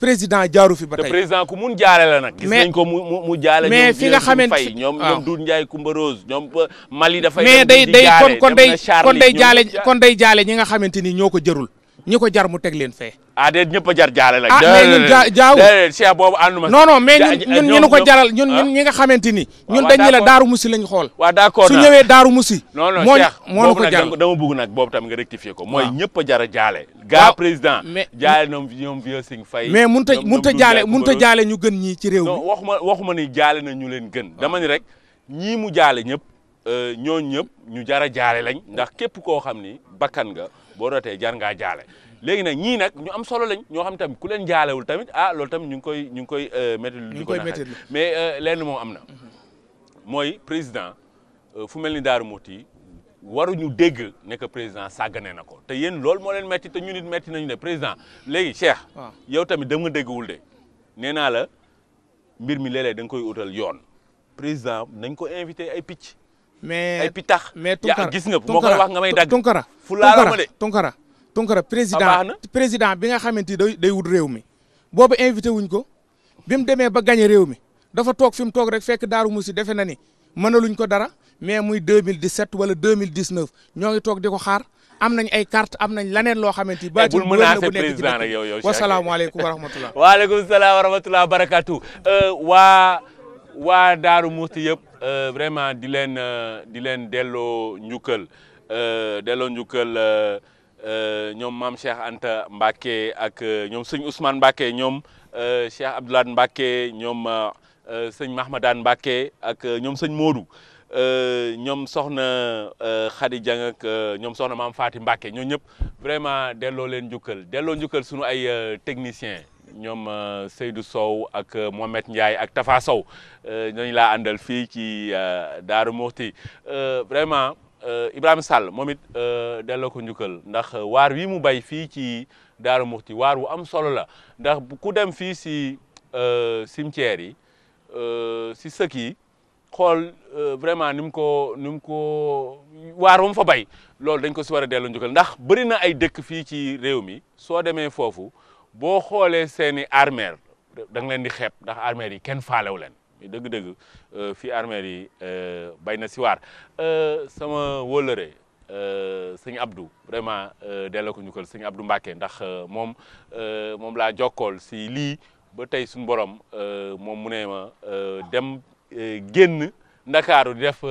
président jaaru fi ba tey. président ku mun jaale la nag. gis nañ ko mu mu jaale. mais fi nga xamante fay ñoom ñoom Doudou Ndiaye Coumba Rose ñoom euh, Mali dafay. mais day day kon kon day day jaale kon day jaale ñi nga xamante ni ñoo ko jarul ñi ko jar mu teg leen fee. ah déedéet ñëpp jar jaale la. ah mais ñun jaa jaaw déedéet mais ñun ñun ko jaral ah. ñun ñi nga xamante ni. Ah, ñun dañu la Daaru Musi lañ xool. waaw d'accord su ñëwee Daaru Musi. non non Cheikh boobu nag dama bëgg nag boobu tam nga rectifier ko. mooy ah. ñëpp jar a jaale. gaa président jaale ñoom ñoom Vieux Sing Fay. mais mënut a mënut a jaale mënut a jaale ñu gën ñii ci réew mi. non waxuma waxuma ni jaale na leen gën. dama rek ñii mu jaale ñëpp euh, ñooñu ñëpp ñu jar a jaale lañ ndax képp koo xam ni bakkan nga boo jar ngaa jaale léegi nag ñii nag ñu am solo lañ ñoo xam tamit ku leen jaalewul tamit ah loolu tamit ñu ngi koy ñu ngi koy euh, métti lu ko mais euh, lenn moom am na mhm. mooy président euh, fu mel ni Daaru Muxti waruñu dégg ne que président sàggane na ko te yéen loolu moo leen metti te ñu nit metti nañu ne président léegi Cheikh. yow tamit dem nga déggwul de nee naa la mbir mi léeg-léeg koy utal yoon président nañ ko invité ay picc. mais ay pitax. mais Tunkara gis nga moo koy wax nga may dagg. Tunkara fu laal ma de Tounkara président ah, président bi nga xamante ni day wut réew mi boobu invité wuñ ko bi mu demee ba gagné réew mi dafa toog fi mu toog rek fekk Daaru Musi defe na ni luñ ko dara mais muy 2017 wala 2019 ñoo ngi toog di ko xaar am nañ ay carte am nañ laneen loo xamante ni. Eh, bul menacé président nag yow yow. wasalaamualeykum wa rahmatulah. waaleykum salaam wa rahmatulah barakatu. Euh, waa waa Daaru Musi yëpp euh, vraiment di leen euh, di leen delloo njukkal delloo Euh, ñoom maam Cheikh Anta Mbacke ak euh, ñoom sëñ Ousmane Mbacke ñoom euh, Cheikh Abdoulaye Mbacke ñoom sëñ Mahmadane Mbacke ak ñoom sëñ Modou ñoom soxna Khady Dieng ñoom soxna maam Faati Mbacke ñoo ñëpp vraiment delloo leen njukkal delloo njukkal suñu ay technicien ñoom Seydou Sow ak Mohamed Ndiaye ak Tafa Sow ñooñu laa àndal fii ci Daaru Muxti vraiment Euh, Ibrahima Sall moom it euh, delloo ko njukkal ndax euh, waar wii mu bay fii ci Daaru Muxti waar wu am solo la ndax ku dem fii si cimetière yi si sëkk yi xool vraiment ni mu ko ni mu ko waar wam fa bay loolu dañ ko si war a delloo njukkal ndax bëri na ay dëkk fii ci réew mi soo demee foofu boo xoolee seeni armeer da leen di xeeb ndax armeer yi kenn faalewu leen dëgg-dëgg euh, fii armeel yi euh, bay na si waar euh, sama wóllëre sëñ abdu vraiment delloo ko njukkal sëñ Abdou Mbacke ndax moom moom laa jokkool si lii ba tey suñu borom moom mu ne ma dem génn ndakaaru di def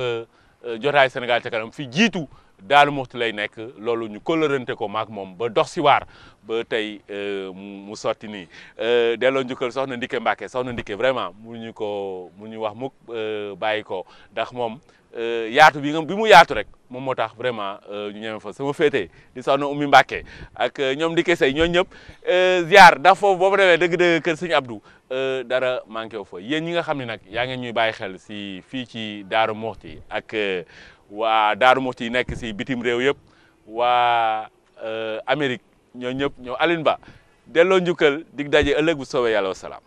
jotaay Sénégal ca kanam fi jiitu Daaru Muxti lay nekk loolu ñu kolorante ko maak moom ba dox si waar ba tey euh, mu sotti nii euh, delloo njukkal soxna Ndike mbake soxna Ndike vraiment mu ñu ko mu ñu wax mukk euh, bàyyi ko ndax moom yaatu bi nga bi mu yaatu rek moom moo tax vraiment ñu ñeme fa sama féetee di soxna Oumy mbake ak ñoom Ndike say ñoo ñëpp ziar ndax foofu boo fa demee dëgg-dëgg kër sëñ Abdou dara manqué wu fa yéen ñi nga xam ne nag yaa ngeen ñuy bàyyi xel si fii ci Daaru Muxti ak. waa Daaru Muxti yi nekk si bitim réew yëpp waa euh, Amérique ñoo ñëpp ñoo Alioune Ba delloo njukkal dig daje ëllëg bu soobee yàlla wasalaam